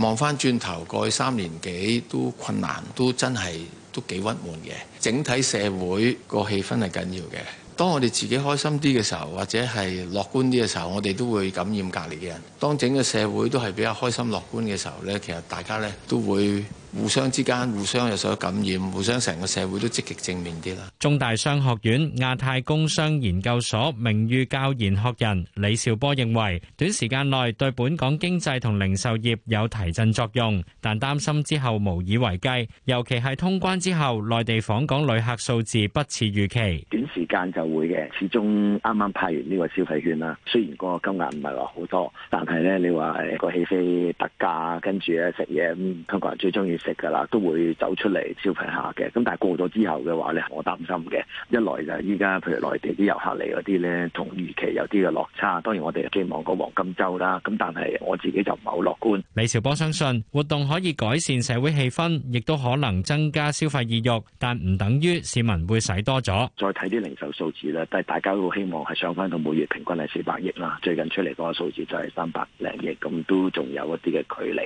望翻轉頭過去三年幾都困難，都真係都幾鬱悶嘅。整體社會個氣氛係緊要嘅。當我哋自己開心啲嘅時候，或者係樂觀啲嘅時候，我哋都會感染隔離嘅人。當整個社會都係比較開心樂觀嘅時候呢，其實大家呢都會。互相之間、互相有所感染，互相成個社會都積極正面啲啦。中大商學院亞太工商研究所名譽教研學人李兆波認為，短時間內對本港經濟同零售業有提振作用，但擔心之後無以為繼，尤其係通關之後，內地訪港旅客數字不似預期。短時間就會嘅，始終啱啱派完呢個消費券啦。雖然嗰個金額唔係話好多，但係咧你話個起飛特價，跟住咧食嘢，咁香港人最中意。食㗎喇，都會走出嚟消費下嘅。咁但係過咗之後嘅話咧，我擔心嘅一來就係依家譬如內地啲遊客嚟嗰啲咧，同預期有啲嘅落差。當然我哋又希望個黃金周啦。咁但係我自己就唔係好樂觀。李兆波相信活動可以改善社會氣氛，亦都可能增加消費意欲，但唔等於市民會使多咗。再睇啲零售數字啦，但係大家都希望係上返到每月平均係四百億啦。最近出嚟嗰個數字就係三百零億，咁都仲有一啲嘅距離。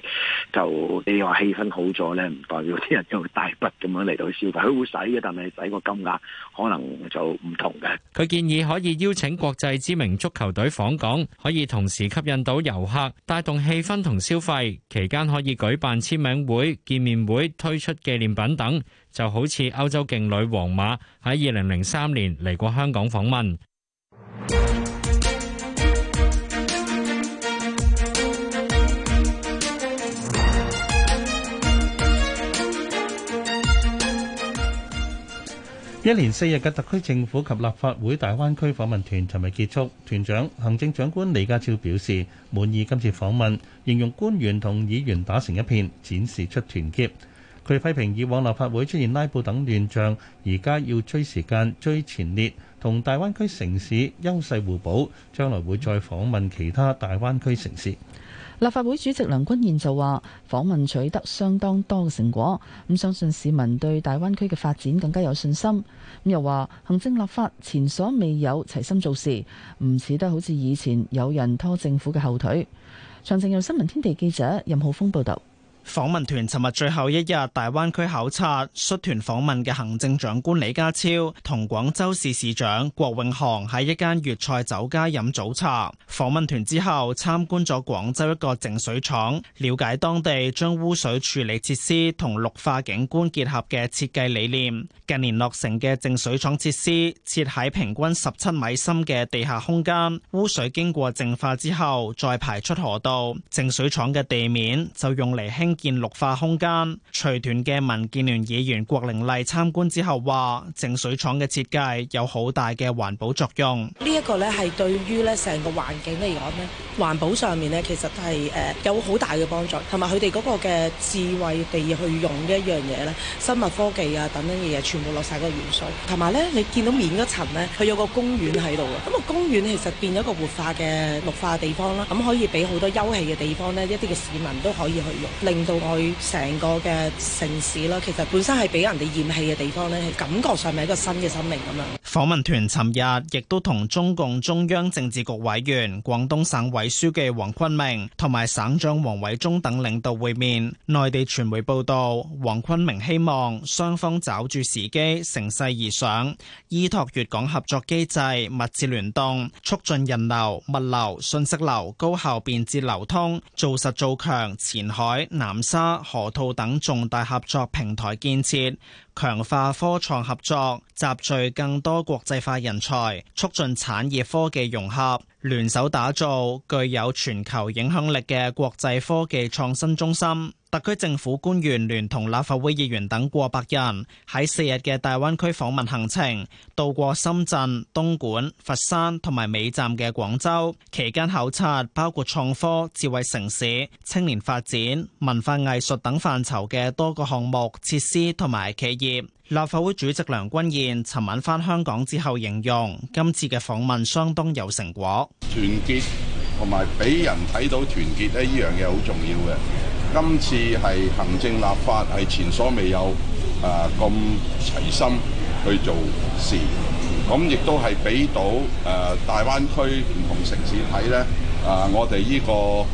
就你話氣氛好咗。我咧唔代表啲人用大筆咁樣嚟到去消費，佢會使嘅，但係使個金額可能就唔同嘅。佢建議可以邀請國際知名足球隊訪港，可以同時吸引到遊客，帶動氣氛同消費。期間可以舉辦簽名會、見面會、推出紀念品等，就好似歐洲勁旅皇馬喺二零零三年嚟過香港訪問。一連四日嘅特區政府及立法會大灣區訪問團尋日結束，團長行政長官李家超表示滿意今次訪問，形容官員同議員打成一片，展示出團結。佢批評以往立法會出現拉布等亂象，而家要追時間、追前列，同大灣區城市優勢互補，將來會再訪問其他大灣區城市。立法會主席梁君彥就話：訪問取得相當多嘅成果，咁相信市民對大灣區嘅發展更加有信心。咁又話行政立法前所未有齊心做事，唔似得好似以前有人拖政府嘅後腿。詳情由新聞天地記者任浩峰報導。訪問團尋日最後一日大灣區考察，率團訪問嘅行政長官李家超同廣州市市長郭永航喺一間粵菜酒家飲早茶。訪問團之後參觀咗廣州一個淨水廠，了解當地將污水處理設施同綠化景觀結合嘅設計理念。近年落成嘅淨水廠設施設喺平均十七米深嘅地下空間，污水經過淨化之後再排出河道。淨水廠嘅地面就用嚟輕。建綠化空間，隨團嘅民建聯議員郭玲麗參觀之後話，淨水廠嘅設計有好大嘅環保作用。呢一個咧係對於咧成個環境嚟講咧，環保上面咧其實係誒有好大嘅幫助，同埋佢哋嗰個嘅智慧地去用嘅一樣嘢咧，生物科技啊等等嘅嘢全部落晒嗰個元素。同埋咧，你見到面嗰層咧，佢有個公園喺度。咁個公園其實變咗個活化嘅綠化地方啦，咁可以俾好多休憩嘅地方咧，一啲嘅市民都可以去用，令。到去成個嘅城市啦，其實本身係俾人哋厭棄嘅地方咧，感覺上係一個新嘅生命咁樣。訪問團尋日亦都同中共中央政治局委員廣東省委書記黃坤明同埋省長黃偉忠等領導會面。內地傳媒報道，黃坤明希望雙方抓住時機乘勢而上，依託粵港合作機制，密切聯動促進人流、物流、信息流高效便捷流通，做實做強前海南。南沙、河套等重大合作平台建設，強化科創合作，集聚更多國際化人才，促進產業科技融合。聯手打造具有全球影響力嘅國際科技創新中心。特區政府官員聯同立法會議員等過百人喺四日嘅大灣區訪問行程，到過深圳、東莞、佛山同埋尾站嘅廣州，期間考察包括創科、智慧城市、青年發展、文化藝術等範疇嘅多個項目、設施同埋企業。立法會主席梁君彥尋晚翻香港之後，形容今次嘅訪問相當有成果，團結同埋俾人睇到團結咧，依樣嘢好重要嘅。今次係行政立法係前所未有啊，咁齊心去做事，咁亦都係俾到誒大灣區唔同城市睇咧啊！我哋呢個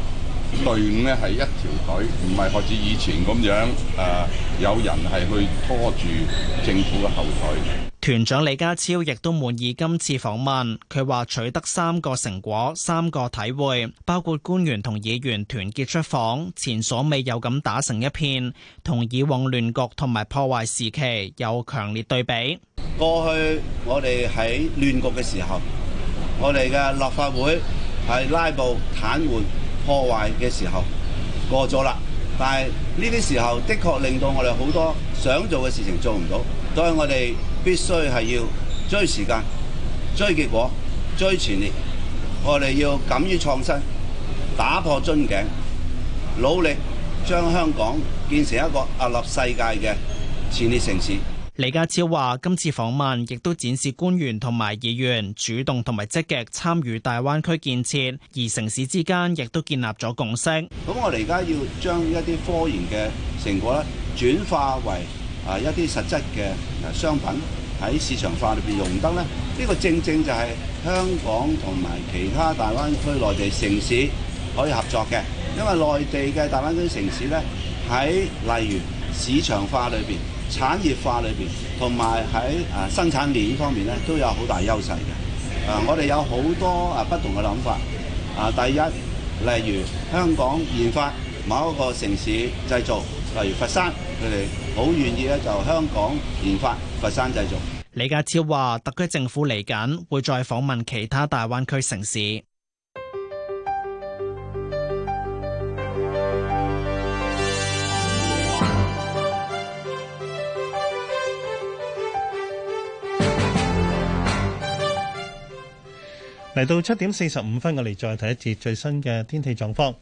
隊伍咧係一條隊，唔係學似以前咁樣誒，有人係去拖住政府嘅後腿。團長李家超亦都滿意今次訪問，佢話取得三個成果、三個體會，包括官員同議員團結出訪，前所未有咁打成一片，同以往亂局同埋破壞時期有強烈對比。過去我哋喺亂局嘅時候，我哋嘅立法會係拉布、癱瘓。破壞嘅時候過咗啦，但係呢啲時候的確令到我哋好多想做嘅事情做唔到，所以我哋必須係要追時間、追結果、追前列。我哋要敢於創新，打破樽頸，努力將香港建成一個屹立世界嘅前列城市。李家超話：今次訪問亦都展示官員同埋議員主動同埋積極參與大灣區建設，而城市之間亦都建立咗共識。咁我哋而家要將一啲科研嘅成果咧，轉化為啊一啲實質嘅商品喺市場化裏邊用得咧，呢、呢個正正就係香港同埋其他大灣區內地城市可以合作嘅。因為內地嘅大灣區城市咧，喺例如市場化裏邊。產業化裏邊，同埋喺誒生產鏈方面咧，都有好大優勢嘅。誒，我哋有好多誒不同嘅諗法。誒，第一，例如香港研發，某一個城市製造，例如佛山，佢哋好願意咧，就香港研發，佛山製造。李家超話，特區政府嚟緊會再訪問其他大灣區城市。嚟到七點四十五分，我哋再睇一節最新嘅天氣狀況。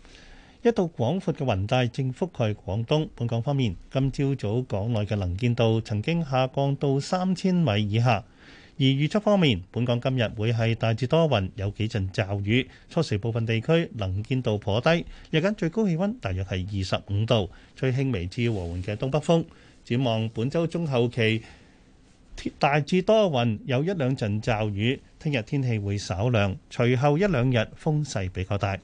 一道廣闊嘅雲帶正覆蓋廣東。本港方面，今朝早港內嘅能見度曾經下降到三千米以下。而預測方面，本港今日會係大致多雲，有幾陣驟雨，初時部分地區能見度頗低。日間最高氣溫大約係二十五度，吹輕微至和緩嘅東北風。展望本周中後期，大致多雲，有一兩陣驟雨。聽日天氣會稍涼，隨後一兩日風勢比較大。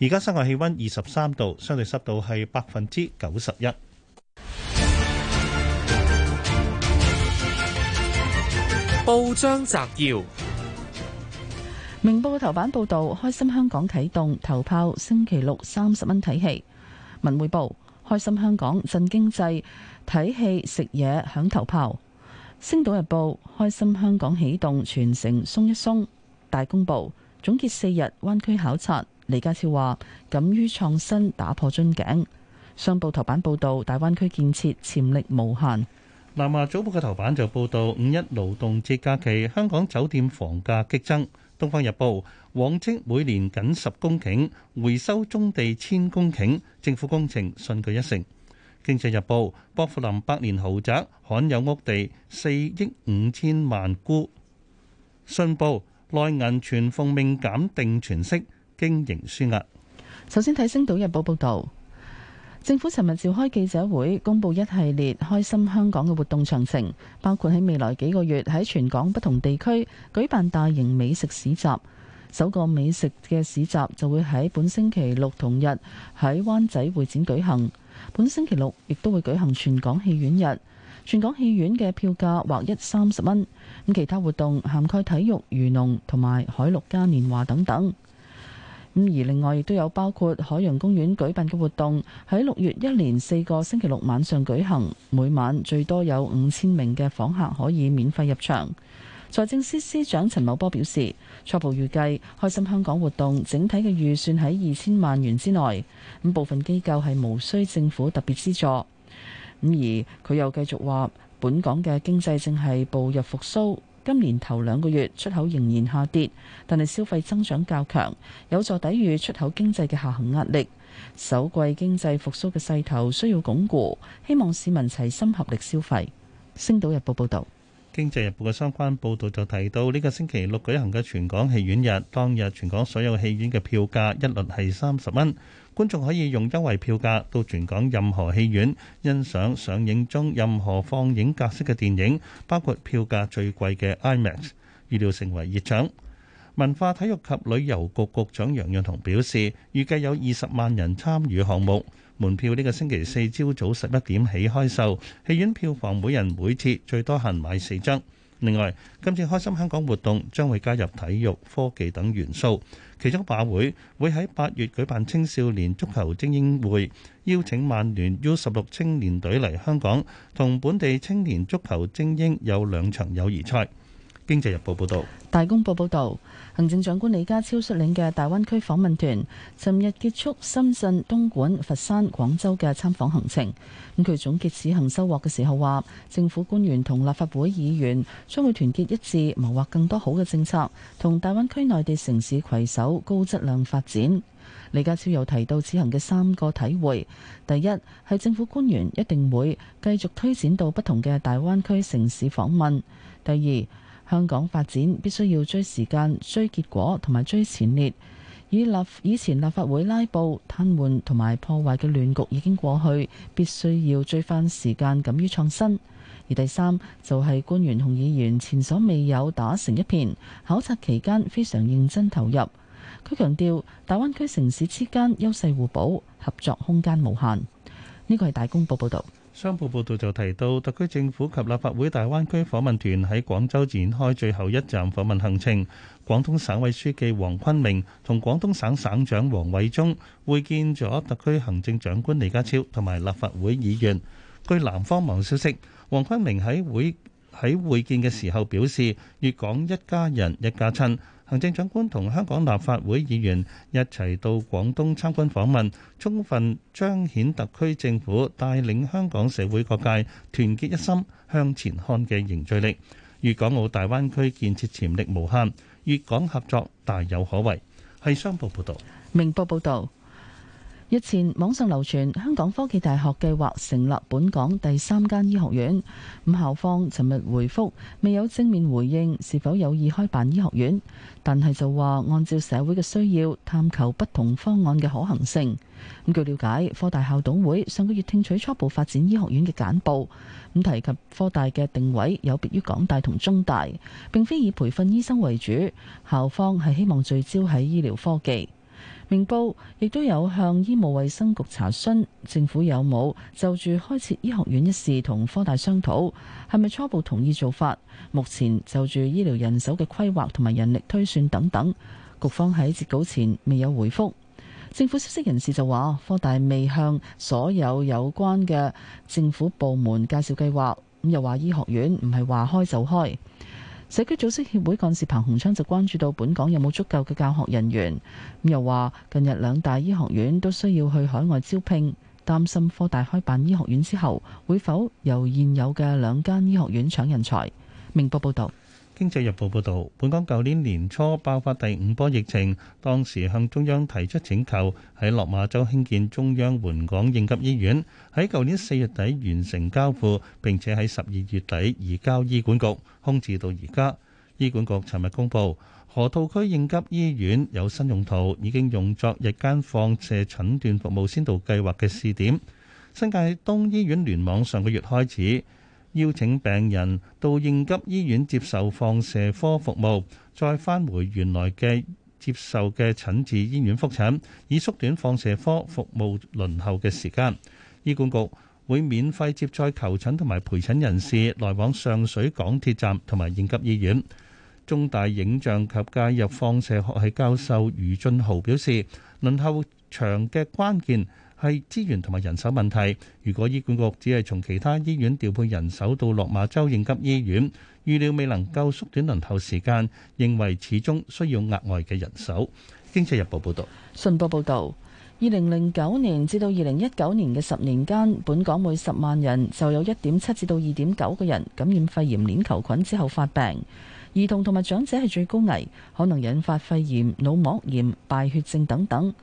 而家室外氣温二十三度，相對濕度係百分之九十一。報章摘要：明報頭版報道，開心香港啟動頭炮，星期六三十蚊睇戲。文匯報：開心香港振經濟，睇戲食嘢響頭炮。《星島日報》開心香港啟動全城鬆一鬆。《大公報》，總結四日灣區考察。李家超話：敢於創新，打破樽頸。《商報》頭版報道大灣區建設潛力無限。《南華早報》嘅頭版就報道五一勞動節假期，香港酒店房價激增。《東方日報》往績每年僅十公頃回收棕地千公頃，政府工程信佢一成。《經濟日報》：薄扶林百年豪宅罕有屋地四億五千萬沽。信報：內銀全奉命減定存息，經營輸壓。首先睇《星島日報》報導，政府尋日召開記者會，公布一系列開心香港嘅活動詳情，包括喺未來幾個月喺全港不同地區舉辦大型美食市集。首個美食嘅市集就會喺本星期六同日喺灣仔會展舉行。本星期六亦都會舉行全港戲院日，全港戲院嘅票價劃一三十蚊。咁其他活動涵蓋體育、漁農同埋海陸嘉年華等等。咁而另外亦都有包括海洋公園舉辦嘅活動，喺六月一連四個星期六晚上舉行，每晚最多有五千名嘅訪客可以免費入場。財政司司長陳茂波表示。初步預計，開心香港活動整體嘅預算喺二千萬元之內。咁部分機構係無需政府特別資助。咁而佢又繼續話，本港嘅經濟正係步入復甦。今年頭兩個月出口仍然下跌，但係消費增長較強，有助抵禦出口經濟嘅下行壓力。首季經濟復甦嘅勢頭需要鞏固，希望市民齊心合力消費。星島日報報導。《經濟日報》嘅相關報導就提到，呢個星期六舉行嘅全港戲院日，當日全港所有戲院嘅票價一律係三十蚊，觀眾可以用優惠票價到全港任何戲院欣賞上映中任何放映格式嘅電影，包括票價最貴嘅 IMAX，預料成為熱搶。文化體育及旅遊局局長楊潤雄表示，預計有二十萬人參與項目。門票呢個星期四朝早十一點起開售，戲院票房每人每次最多限買四張。另外，今次開心香港活動將會加入體育、科技等元素，其中馬會會喺八月舉辦青少年足球精英會，邀請曼聯 U 十六青年隊嚟香港，同本地青年足球精英有兩場友誼賽。經濟日報報導，大公報報導，行政長官李家超率領嘅大灣區訪問團，尋日結束深圳、東莞、佛山、廣州嘅參訪行程。咁佢總結此行收穫嘅時候話，政府官員同立法會議員將會團結一致，謀劃更多好嘅政策，同大灣區內地城市攜手，高質量發展。李家超又提到此行嘅三個體會：第一係政府官員一定會繼續推展到不同嘅大灣區城市訪問；第二香港發展必須要追時間、追結果同埋追前列。以立以前立法會拉布、癱瘓同埋破壞嘅亂局已經過去，必須要追翻時間，敢於創新。而第三就係、是、官員同議員前所未有打成一片，考察期間非常認真投入。佢強調，大灣區城市之間優勢互補，合作空間無限。呢個係大公報報導。商報報道就提到，特區政府及立法會大灣區訪問團喺廣州展開最後一站訪問行程。廣東省委書記黃坤明同廣東省省長黃偉忠會見咗特區行政長官李家超同埋立法會議員。據南方網消息，黃坤明喺會喺會見嘅時候表示，粵港一家人，一家親。行政長官同香港立法會議員一齊到廣東參觀訪問，充分彰顯特區政府帶領香港社會各界團結一心向前看嘅凝聚力。粵港澳大灣區建設潛力無限，粵港合作大有可為。係商報報道。明報報道。日前網上流傳香港科技大學計劃成立本港第三間醫學院，咁校方尋日回覆未有正面回應是否有意開辦醫學院，但係就話按照社會嘅需要，探求不同方案嘅可行性。咁據了解，科大校董會上個月聽取初步發展醫學院嘅簡報，咁提及科大嘅定位有別於港大同中大，並非以培訓醫生為主，校方係希望聚焦喺醫療科技。明報亦都有向醫務衛生局查詢，政府有冇就住開設醫學院一事同科大商討，係咪初步同意做法？目前就住醫療人手嘅規劃同埋人力推算等等，局方喺截稿前未有回覆。政府消息人士就話，科大未向所有有關嘅政府部門介紹計劃，咁又話醫學院唔係話開就開。社區組織協會幹事彭洪昌就關注到本港有冇足夠嘅教學人員，咁又話近日兩大醫學院都需要去海外招聘，擔心科大開辦醫學院之後，會否由現有嘅兩間醫學院搶人才？明報報道。經濟日報報導，本港舊年年初爆發第五波疫情，當時向中央提出請求，喺落馬洲興建中央援港應急醫院，喺舊年四月底完成交付，並且喺十二月底移交醫管局，空置到而家。醫管局尋日公佈，河套區應急醫院有新用途，已經用作日間放射診斷服務先導計劃嘅試點。新界東醫院聯網上個月開始。邀請病人到應急醫院接受放射科服務，再返回原來嘅接受嘅診治醫院覆診，以縮短放射科服務輪候嘅時間。醫管局會免費接載求診同埋陪診人士來往上水港鐵站同埋應急醫院。中大影像及介入放射學系教授余俊豪表示，輪候長嘅關鍵，係資源同埋人手問題。如果醫管局只係從其他醫院調配人手到落馬洲應急醫院，預料未能夠縮短輪候時間，認為始終需要額外嘅人手。經濟日報報道，信報報道，二零零九年至到二零一九年嘅十年間，本港每十萬人就有一點七至到二點九個人感染肺炎鏈球菌之後發病，兒童同埋長者係最高危，可能引發肺炎、腦膜炎、敗血症等等。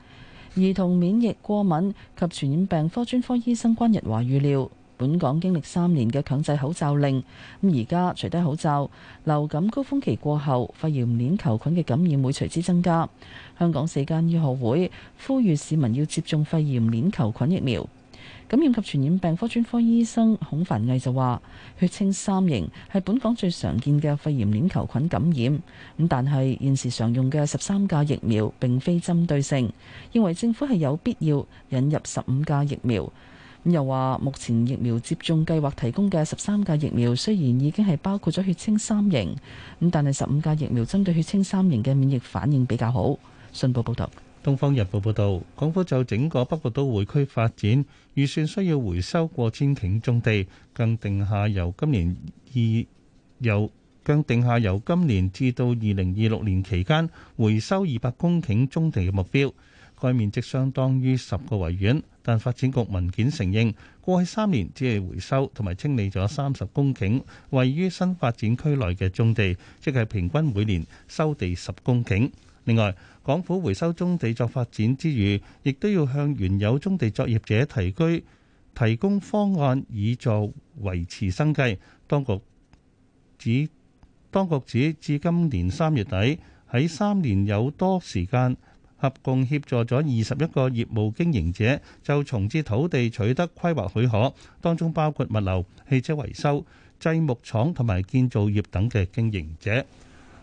兒童免疫過敏及傳染病科專科醫生關日華預料，本港經歷三年嘅強制口罩令，咁而家除低口罩，流感高峰期過後，肺炎鏈球菌嘅感染會隨之增加。香港四間醫學會呼籲市民要接種肺炎鏈球菌疫苗。感染及傳染病科專科醫生孔凡毅就話：血清三型係本港最常見嘅肺炎鏈球菌感染，咁但係現時常用嘅十三價疫苗並非針對性，認為政府係有必要引入十五價疫苗。咁又話目前疫苗接種計劃提供嘅十三價疫苗雖然已經係包括咗血清三型，咁但係十五價疫苗針對血清三型嘅免疫反應比較好。信報報道。《東方日報》報導，港府就整個北部都會區發展預算需要回收過千頃棕地，更定下由今年二由，更定下由今年至到二零二六年期間回收二百公頃棕地嘅目標，該面積相當於十個維園。但發展局文件承認，過去三年只係回收同埋清理咗三十公頃位於新發展區內嘅棕地，即係平均每年收地十公頃。另外，港府回收棕地作發展之餘，亦都要向原有棕地作業者提供，提供方案，以助維持生計。當局指，當局指至今年三月底，喺三年有多時間，合共協助咗二十一個業務經營者就重置土地取得規劃許可，當中包括物流、汽車維修、製木廠同埋建造業等嘅經營者。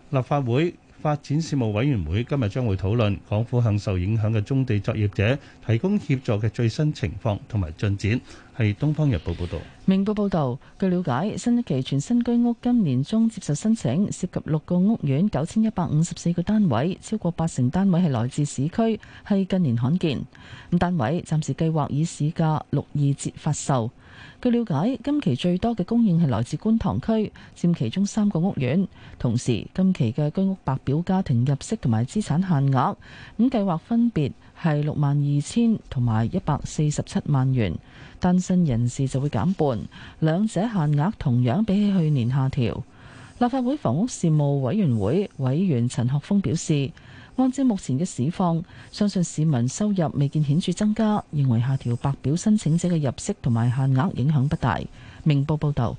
立法會發展事務委員會今日將會討論港府向受影響嘅中地作業者提供協助嘅最新情況同埋進展，係東方日報報道。明報報道，據了解，新一期全新居屋今年中接受申請，涉及六個屋苑九千一百五十四個單位，超過八成單位係來自市區，係近年罕見。咁單位暫時計劃以市價六二折發售。據了解，今期最多嘅供應係來自觀塘區，佔其中三個屋苑。同時，今期嘅居屋白表家庭入息同埋資產限額，咁計劃分別係六萬二千同埋一百四十七萬元。單身人士就會減半，兩者限額同樣比起去年下調。立法會房屋事務委員會委員陳學鋒表示。按照目前嘅市況，相信市民收入未見顯著增加，認為下調白表申請者嘅入息同埋限額影響不大。明報報道，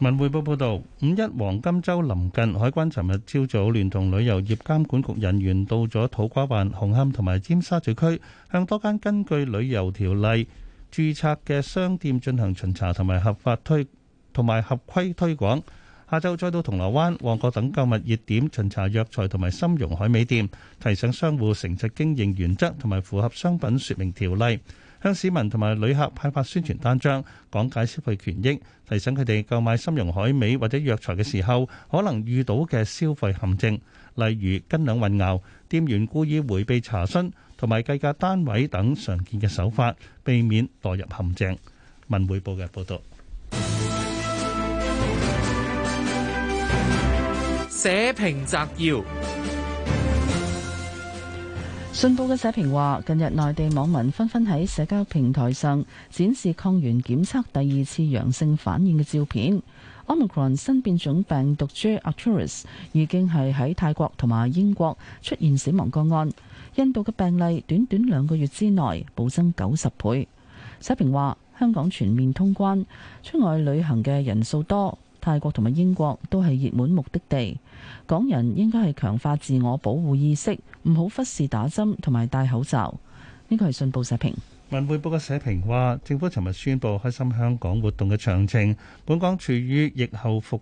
文匯報報道，五一黃金周臨近，海關尋日朝早聯同旅遊業監管局人員到咗土瓜灣、紅磡同埋尖沙咀區，向多間根據旅遊條例註冊嘅商店進行巡查同埋合法推同埋合規推廣。下週再到銅鑼灣、旺角等購物熱點巡查藥材同埋參茸海味店，提醒商戶誠實經營原則同埋符合商品說明條例，向市民同埋旅客派發宣傳單張，講解消費權益，提醒佢哋購買參茸海味或者藥材嘅時候，可能遇到嘅消費陷阱，例如斤兩混淆、店員故意回避查詢同埋計價單位等常見嘅手法，避免墮入陷阱。文匯報嘅報道。社評摘要：信報嘅社評話，近日內地網民紛紛喺社交平台上展示抗原檢測第二次陽性反應嘅照片。Omicron 新變種病毒 Arcturus 已經係喺泰國同埋英國出現死亡個案。印度嘅病例短短兩個月之內暴增九十倍。社評話，香港全面通關，出外旅行嘅人數多，泰國同埋英國都係熱門目的地。港人應該係強化自我保護意識，唔好忽視打針同埋戴口罩。呢個係信報社評。文匯報嘅社評話，政府尋日宣布開心香港活動嘅詳情。本港處於疫後復，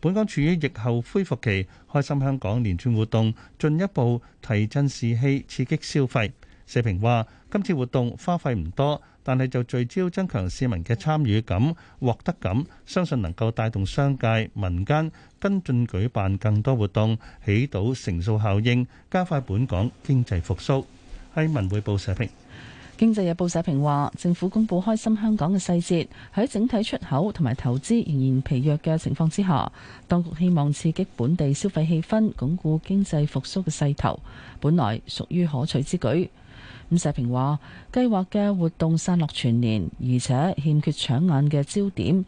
本港處於疫後恢復期，開心香港連串活動進一步提振士氣，刺激消費。社評話，今次活動花費唔多。但係就聚焦增強市民嘅參與感、獲得感，相信能夠帶動商界、民間跟進舉辦更多活動，起到乘數效應，加快本港經濟復甦。喺文匯報社評，《經濟日報》社評話：政府公布開心香港嘅細節，喺整體出口同埋投資仍然疲弱嘅情況之下，當局希望刺激本地消費氣氛，鞏固經濟復甦嘅勢頭，本來屬於可取之舉。咁社評話計劃嘅活動散落全年，而且欠缺搶眼嘅焦點，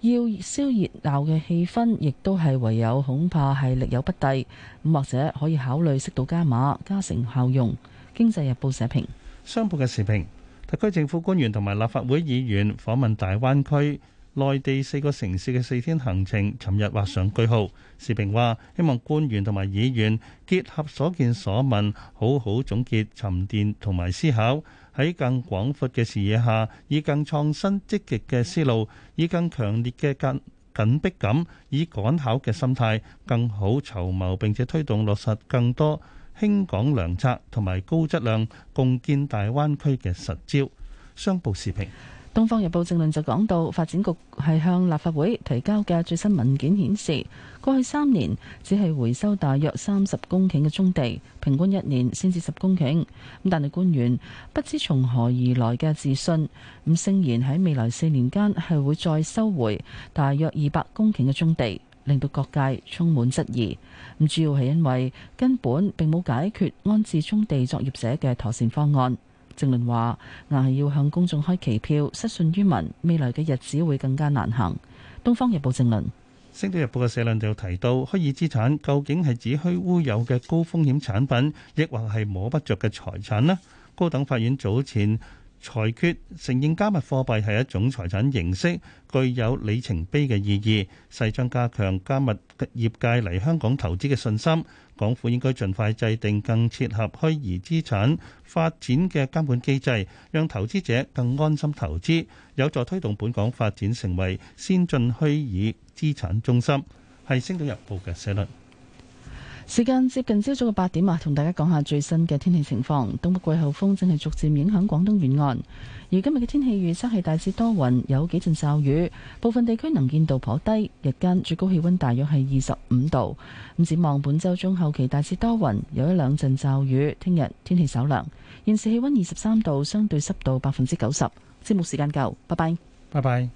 要燒熱鬧嘅氣氛，亦都係唯有恐怕係力有不逮，咁或者可以考慮適度加碼，加成效用。《經濟日報》社評。商報嘅時評，特區政府官員同埋立法會議員訪問大灣區。內地四個城市嘅四天行程，琴日畫上句號。時評話：希望官員同埋議員結合所見所聞，好好總結、沉澱同埋思考，喺更廣闊嘅視野下，以更創新、積極嘅思路，以更強烈嘅緊緊迫感，以趕考嘅心態，更好籌謀並且推動落實更多興港良策同埋高質量共建大灣區嘅實招。商報時評。《東方日報政論》就講到，發展局係向立法會提交嘅最新文件顯示，過去三年只係回收大約三十公頃嘅棕地，平均一年先至十公頃。咁但係官員不知從何而來嘅自信，咁聲言喺未來四年間係會再收回大約二百公頃嘅棕地，令到各界充滿質疑。咁主要係因為根本並冇解決安置棕地作業者嘅妥善方案。正論話硬係要向公眾開期票，失信於民，未來嘅日子會更加難行。東方日報正論。《星島日報》嘅社論就提到，虛擬資產究竟係子虛烏有嘅高風險產品，亦或係摸不着嘅財產呢？高等法院早前裁決承認加密貨幣係一種財產形式，具有里程碑嘅意義，勢將加強加密業界嚟香港投資嘅信心。港府應該盡快制定更切合虛擬資產發展嘅監管機制，讓投資者更安心投資，有助推動本港發展成為先進虛擬資產中心。係《星島日報》嘅社論。時間接近朝早嘅八點啊，同大家講下最新嘅天氣情況。東北季候風正係逐漸影響廣東沿岸，而今日嘅天氣預測係大致多雲，有幾陣驟雨，部分地區能見度頗低。日間最高氣溫大約係二十五度。咁展望本周中後期大致多雲，有一兩陣驟雨。聽日天氣稍涼。現時氣溫二十三度，相對濕度百分之九十。節目時間夠，拜拜，拜拜。